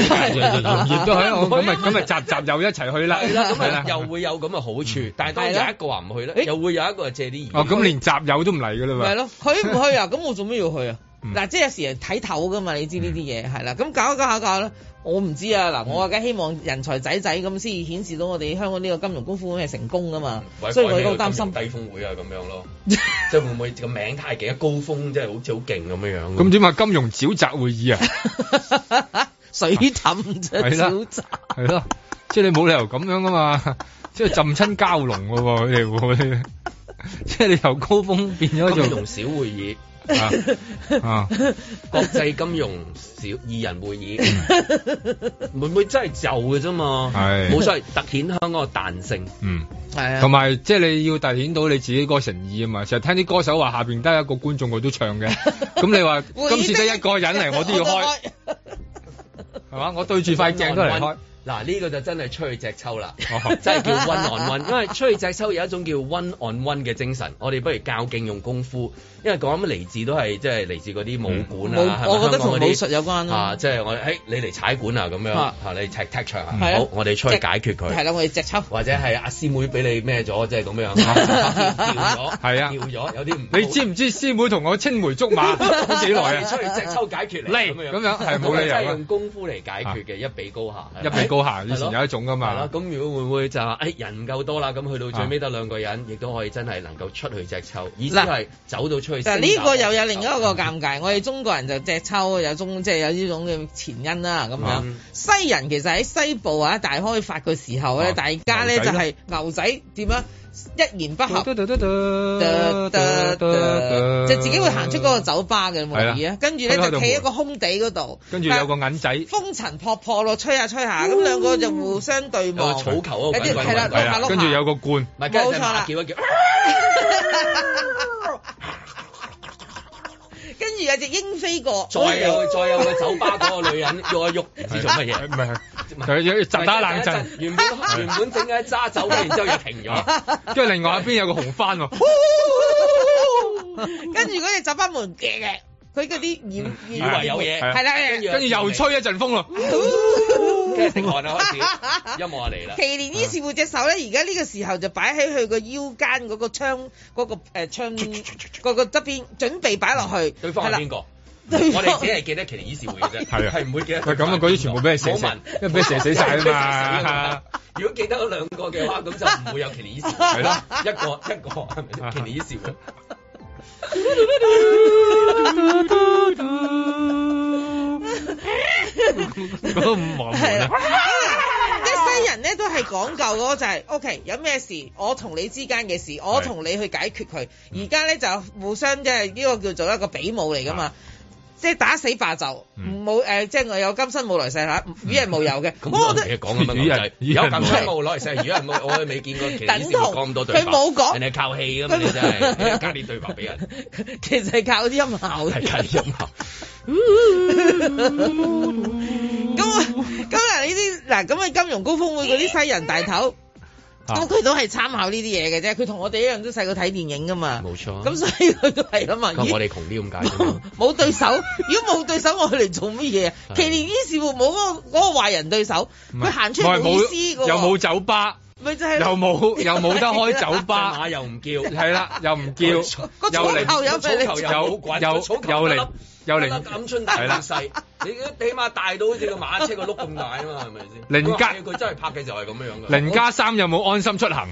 去，咁咪咁咪集集又一齊去啦，咁咪又會有咁嘅好處。但係當有一個話唔去咧，又會有一個借啲餘。咁連集友都唔嚟噶啦嘛？係咯，佢唔去啊，咁我做咩要去啊？嗱，即係有時睇頭噶嘛，你知呢啲嘢係啦。咁搞一搞下搞啦。我唔知啊，嗱，我啊梗希望人才仔仔咁先顯示到我哋香港呢個金融高峯會係成功噶嘛，所以我好擔心低峯會啊咁樣咯，即係會唔會個名太勁？高峯真係好似好勁咁樣樣。咁點嘛？金融沼澤會議啊，水浸沼澤，係咯，即係你冇理由咁樣噶嘛，即係浸親蛟龍嘅喎，你，即係你由高峯變咗做金融小會議。 [laughs] 啊啊！國際金融小二人會議，會唔會真係就嘅啫嘛？係冇所謂，突顯香港嘅彈性。嗯，係啊，同埋即係你要突顯到你自己個誠意啊嘛！成日聽啲歌手話下面得一個觀眾佢都唱嘅，咁 [laughs] 你話今次得一個人嚟， [laughs] 我都要開，係嘛？我對住塊鏡都嚟開。嗱呢、呢個就真係出去隻揪啦， [laughs] 真係叫 one on one [laughs] 因為出去隻揪有一種叫 one on one 嘅精神。我哋不如較勁用功夫，因為講緊嚟自都係即係嚟自嗰啲武館啊。嗯、係係我覺得同武術有關啊，即係我誒你嚟踩館啊咁樣，啊啊、你踢踢場、啊嗯，好，我哋出去解決佢。係啦、啊，我哋隻揪，或者係阿師妹俾你咩咗，即係咁樣樣，掉 [laughs] 咗，係啊，掉咗，有啲唔。你知唔知師妹同我青梅竹馬幾耐 [laughs] 啊？出去隻揪解決嚟咁樣，係冇理由啊！用功夫嚟解決嘅、啊、一比高下，係。高行以前有一種㗎嘛，咁如果會唔會就話、哎、人夠多啦，咁去到最尾得兩個人，亦都可以真係能夠出去隻抽，意思係走到出去。嗱，呢個又有另一個，個尷尬，嗯、我哋中國人就隻抽有種，即、就、係、是、有呢種嘅前因啦咁樣、嗯。西人其實喺西部啊大開發嘅時候咧、啊，大家咧就係牛仔點、就是、樣一言不合，就自己會行出嗰個酒吧嘅，冇錯啦，跟住咧就企喺個空地嗰度 that...，跟住有個銀仔，風塵僕僕咯，Gonzalez, 吹下吹下，咁兩個就互相對望，草球啊，係啦，跟住有個罐，冇錯啦，叫一叫，跟住 [laughs] [laughs] 有隻鷹飛過再 ójtier 再，再有再有個酒吧嗰個女人，喐一喐，唔知做乜嘢。佢要打冷震， [laughs] 原本原本整嘅揸走然之後又停咗，跟住另外一邊有一個紅番、啊 [laughs] 只，跟住佢又走翻門嘅，佢嗰啲以為有嘢，係啦，跟住、啊啊、又吹一陣風咯、啊 [laughs] 啊， [laughs] 跟啊開始，音樂嚟啦。祁連於是乎隻手咧，而家呢個時候就擺喺佢個腰間嗰個窗，嗰、那個誒槍嗰個側、那個、邊準備擺落去，對方係邊個？我哋只係記得其餘以時回嘅啫，係唔、啊、會記得佢。喂，咁嗰啲全部俾人射死，俾你射死晒。啊嘛！如果記得嗰兩個嘅話，咁就唔會有其餘以時。係啦、啊，一個一個係咪、啊？其餘以時。都唔忙。係、就、啦、是，一些人咧都係講究嗰個就係 OK，有咩事我同你之間嘅事，我同你，你去解決佢。而家咧就互相即係呢個叫做一個比武嚟㗎嘛。即係打死霸就，冇、嗯、誒、呃，即係我有今生冇來世吓，與人無有嘅。咁我哋講啊，咪就係有今生冇來世，嗯嗯嗯、如果冇， [laughs] 我未見過。其係呢啲講咁多對白，佢冇講。你靠戲咁， [laughs] 你真係加啲對白俾人。其實係靠啲音效。係靠啲音效。咁咁嗱呢啲嗱，咁啊金融高峰會嗰啲西人大頭。咁佢 [music] 都係參考呢啲嘢嘅啫，佢同我哋一樣都細個睇電影㗎嘛，冇錯、啊。咁所以佢都係咁嘛。咁我哋窮啲咁解。冇對手， [laughs] 如果冇對手，我哋嚟做乜嘢啊？其餘啲於是乎冇嗰個嗰、那個、壞人對手，佢行出嚟冇有冇酒吧。咪就係又冇又冇得開酒吧，又唔叫，係 [laughs] 啦，又唔叫， [laughs] 又嚟，又粗頭，又又又嚟，又嚟，有有有有鵪鶉咁大細 [laughs] 你起碼大到好似個馬車個轆咁大啊嘛，係咪先？零家，佢真係拍嘅就係咁樣樣嘅，零加三有冇安心出行？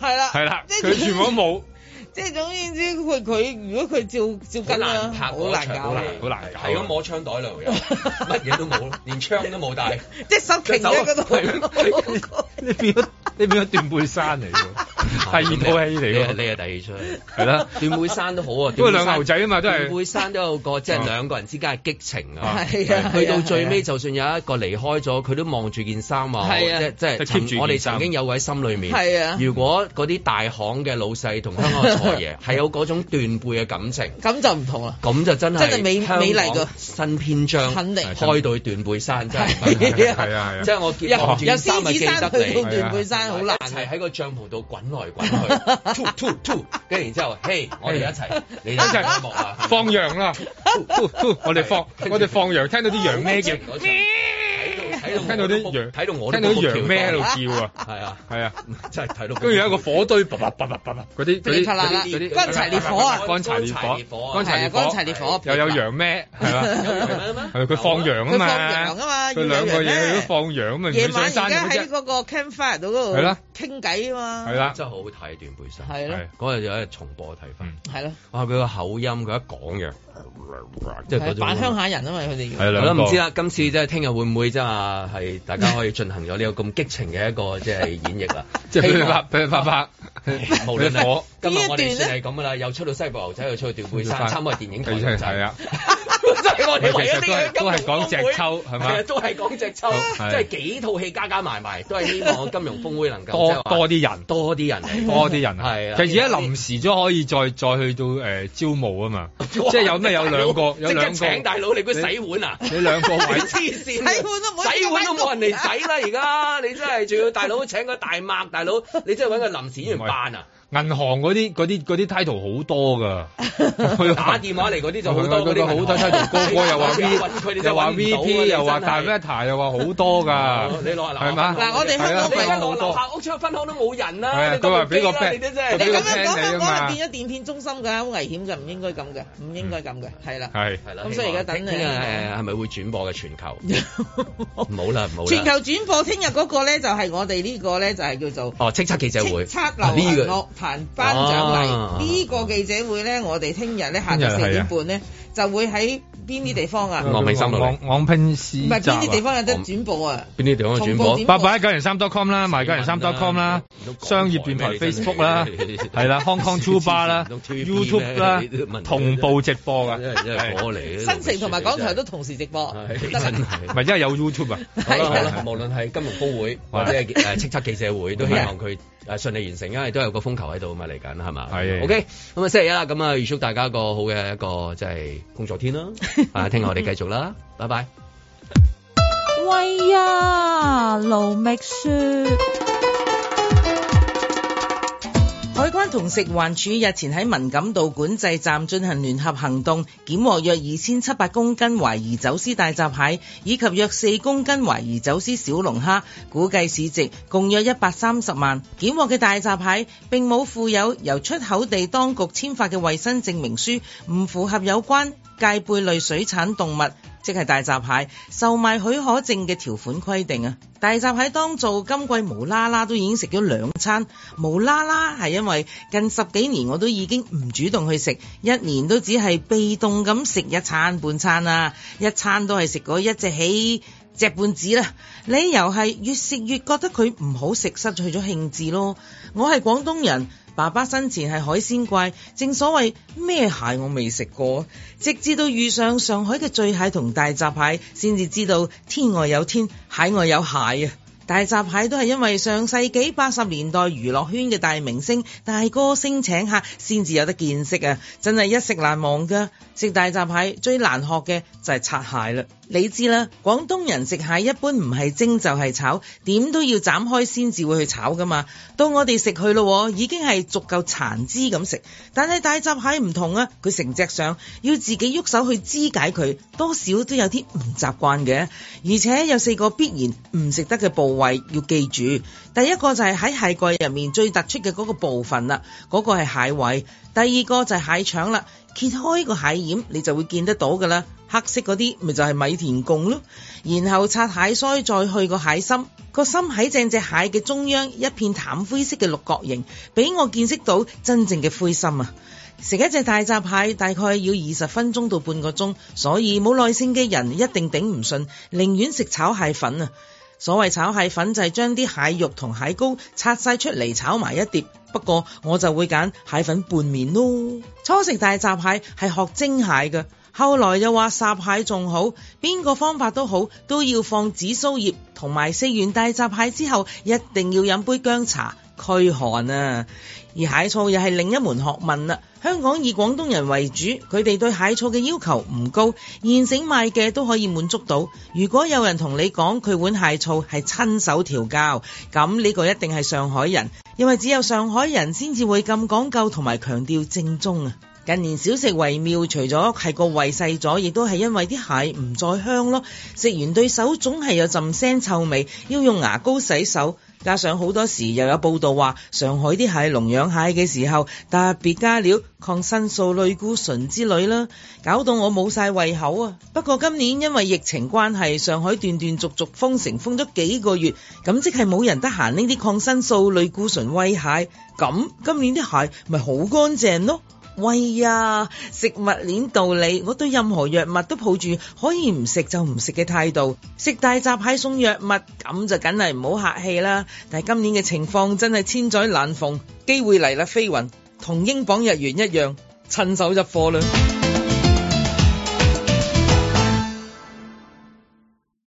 係啦，係啦，佢全部都冇。 [laughs] 即、就、係、是、總之，佢佢如果佢照照鏡，難拍好難搞，好難好難搞，係咁摸槍袋嚟㗎，乜嘢 [laughs] 都冇，連槍都冇帶 [laughs] 即係手擎喺嗰度。你變咗你變咗斷背山嚟㗎。第二套戲嚟嘅，你係第二出、啊，係 [laughs] 啦是的。 [laughs] 斷背山都好啊，因為兩個牛仔啊嘛，都係斷背山都有個即係兩個人之間嘅激情啊。係 [laughs] 啊 [laughs] 是的， [laughs] 是的 [laughs] 去到最尾 [laughs] 就算有一個離開咗，佢都望住件衫啊，即即係我哋曾經有位心裏面。係、就、啊、是，如果嗰啲大行嘅老細同香港財爺，係有嗰種斷背嘅感情。咁就唔同啦。咁就真係香港嘅新篇章。肯定開到斷背山真係。係啊係啊！即係我結。有獅子山去到斷背山好難。係喺個帳篷度滾來滾去，two two two，跟住然之後，嘿，我哋一齊，一齊咁忙啊，放羊啦，two two two，我哋放，我哋放羊，聽到啲羊咩叫？聽到啲羊，睇到我聽到羊咩喺度叫啊！係 [laughs] 是啊，係 [laughs] 啊、嗯，真係睇到，跟住有一個火堆，叭叭叭叭叭叭，嗰 [laughs] 啲，嗰啲嗰啲，乾柴烈火，柴火啊！乾柴烈火，乾、啊、柴火，乾柴烈火，又有羊咩？係、 [laughs] 啊啊、嘛？係 [laughs] 佢放羊啊嘛！佢放羊啊嘛！佢兩個嘢都放羊啊嘛！夜晚而家喺嗰個 campfire 度嗰度傾偈啊嘛！係啦、啊啊，真係好睇段背身，係咯，嗰日又喺重播睇翻，係咯，哇！佢個口音，佢一講嘅。即係扮鄉下人啊嘛！佢哋，係都唔知啦。今次即係聽日會唔會即係話係大家可以進行咗呢個咁激情嘅一個即係演繹啦。 [laughs] 即係噼啪噼啪啪， [laughs] 啊、 [laughs] 無論了 [laughs] 今我今日可以算係咁噶啦，又出到西部牛仔，又出去斷背山 [laughs] [laughs] 都係講隻抽，係 [laughs] 都係講隻抽，即係 [laughs] 幾套戲加加埋埋， [laughs] 都係希望金融峰會能夠 [laughs] 多啲人，多啲人多啲人。係、 [laughs] 啊、 [laughs] 其實而家臨時咗可以再再去到誒招募啊嘛， [laughs] [laughs] 即係有咩？有兩個，即刻請大佬嚟幫洗碗啊！你，你兩個位黐線，洗碗都冇人嚟洗啦！而 [laughs] 家你真係仲要大佬請個大麥 [laughs] 大佬，你真係揾個臨時演員扮啊！銀行嗰啲嗰啲嗰啲 title 好多噶，佢 [laughs] 打電話嚟嗰啲就佢多啲好多 title，個個又話 V，又話 V P，又話 data，又話好多噶。你落嗱，嗱我哋香港我哋而家落樓下屋出分行都冇人、啊、啦。佢話俾個 pen 你啲啫，Pan, 你咁樣講講講變咗電騙中心噶，好危險就唔應該咁噶，唔應該咁噶，係、嗯、啦。係係啦。咁所以而家等你，係咪、啊、會轉播嘅全球？冇啦冇啦。全球轉播聽日嗰個咧就係我哋呢、這個咧就係、是這個就是、叫做哦，叱咤記者會測流言、啊這個行頒獎禮呢、啊這個記者會咧，我哋聽日咧下晝四點半咧，就會喺邊啲地方啊？昂平新聞、昂平邊啲地方有得轉播啊？邊啲地方轉播、啊？八八一九零三 dot com 啦，賣九零三 dot com 啦，商業電台 Facebook 啦，係啦，Hong Kong Two Bar 啦，YouTube 啦， [laughs] 同步直播噶、啊。因為因為我嚟， [laughs] 新城同埋港台都同時直播，真係因為有 YouTube 啊？係啦，無論係金融高會或者係誒叱咤記者會，都希望佢。誒，順利完成，因為都有個風球喺度嘛，嚟緊係嘛？係，OK。咁啊，星期一啦，咁啊，預祝大家一個好嘅一個即係、就是、工作天啦！啊， [laughs] 聽日我哋繼續啦，拜拜。喂啊，盧覓雪。海關同食環署日前喺文錦渡管制站進行聯合行動，檢獲約二千七百公斤懷疑走私大閘蟹，以及約四公斤懷疑走私小龍蝦，估計市值共約一百三十萬。檢獲嘅大閘蟹並冇附有由出口地當局簽發嘅衛生證明書，唔符合有關。介貝類水產動物，即係大閘蟹，售賣許可證嘅條款規定啊！大閘蟹當做今季無啦啦都已經食咗兩餐，無啦啦係因為近十幾年我都已經唔主動去食，一年都只係被動咁食一餐半餐啊，一餐都係食嗰一隻起隻半子啦，Cross legitimacy. 理由係越食越覺得佢唔好食，失去咗興致咯。我係廣東人。爸爸生前係海鮮怪，正所謂咩蟹我未食過，直至到遇上上海嘅醉蟹同大閘蟹，先至知道天外有天，蟹外有蟹啊！大閘蟹都係因為上世紀八十年代娛樂圈嘅大明星、大歌星請客，先至有得見識啊！真係一食難忘噶。食大閘蟹最難學嘅就係拆蟹啦。你知啦，廣東人食蟹一般唔係蒸就係炒，點都要斬開先至會去炒噶嘛。到我哋食去咯，已經係足夠殘肢咁食。但係大閘蟹唔同啊，佢成隻上要自己喐手去肢解佢，多少都有啲唔習慣嘅。而且有四個必然唔食得嘅部位。要記住，第一個就係喺蟹蓋入面最突出嘅嗰個部分啦，嗰、嗰個係蟹胃。第二個就係蟹腸啦，揭開個蟹厣，你就會見得到噶啦，黑色嗰啲咪就係米田共咯。然後拆蟹腮，再去個蟹心，個心喺正隻蟹嘅中央，一片淡灰色嘅六角形，俾我見識到真正嘅灰心啊！食一隻大閘蟹大概要二十分鐘到半個鐘，所以冇耐性嘅人一定頂唔順，寧願食炒蟹粉啊！所謂炒蟹粉就係、是、將啲蟹肉同蟹膏拆晒出嚟炒埋一碟，不過我就會揀蟹粉拌麵咯。初食大閘蟹係學蒸蟹嘅，後來又話煠蟹仲好，邊個方法都好，都要放紫蘇葉同埋，食完大閘蟹之後，一定要飲杯薑茶驅寒啊。而蟹醋又係另一門學問香港以廣東人為主，佢哋對蟹醋嘅要求唔高，現成買嘅都可以滿足到。如果有人同你講佢碗蟹醋係親手調教，咁呢個一定係上海人，因為只有上海人先至會咁講究同埋強調正宗啊。近年少食為妙，除咗係個胃細咗，亦都係因為啲蟹唔再香咯。食完對手總係有陣腥臭味，要用牙膏洗手。加上好多時又有報道話，上海啲蟹農養蟹嘅時候特別加料抗生素、類固醇之類啦，搞到我冇晒胃口啊！不過今年因為疫情關係，上海斷斷續續封城，封咗幾個月，咁即係冇人得閒拎啲抗生素、類固醇餵蟹，咁今年啲蟹咪好乾淨咯。喂呀！食物鏈道理，我對任何藥物都抱住可以唔食就唔食嘅態度。食大閘蟹送藥物，咁就梗係唔好客氣啦。但係今年嘅情況真係千載難逢，機會嚟啦！飛雲同英鎊日元一樣，趁手入貨啦。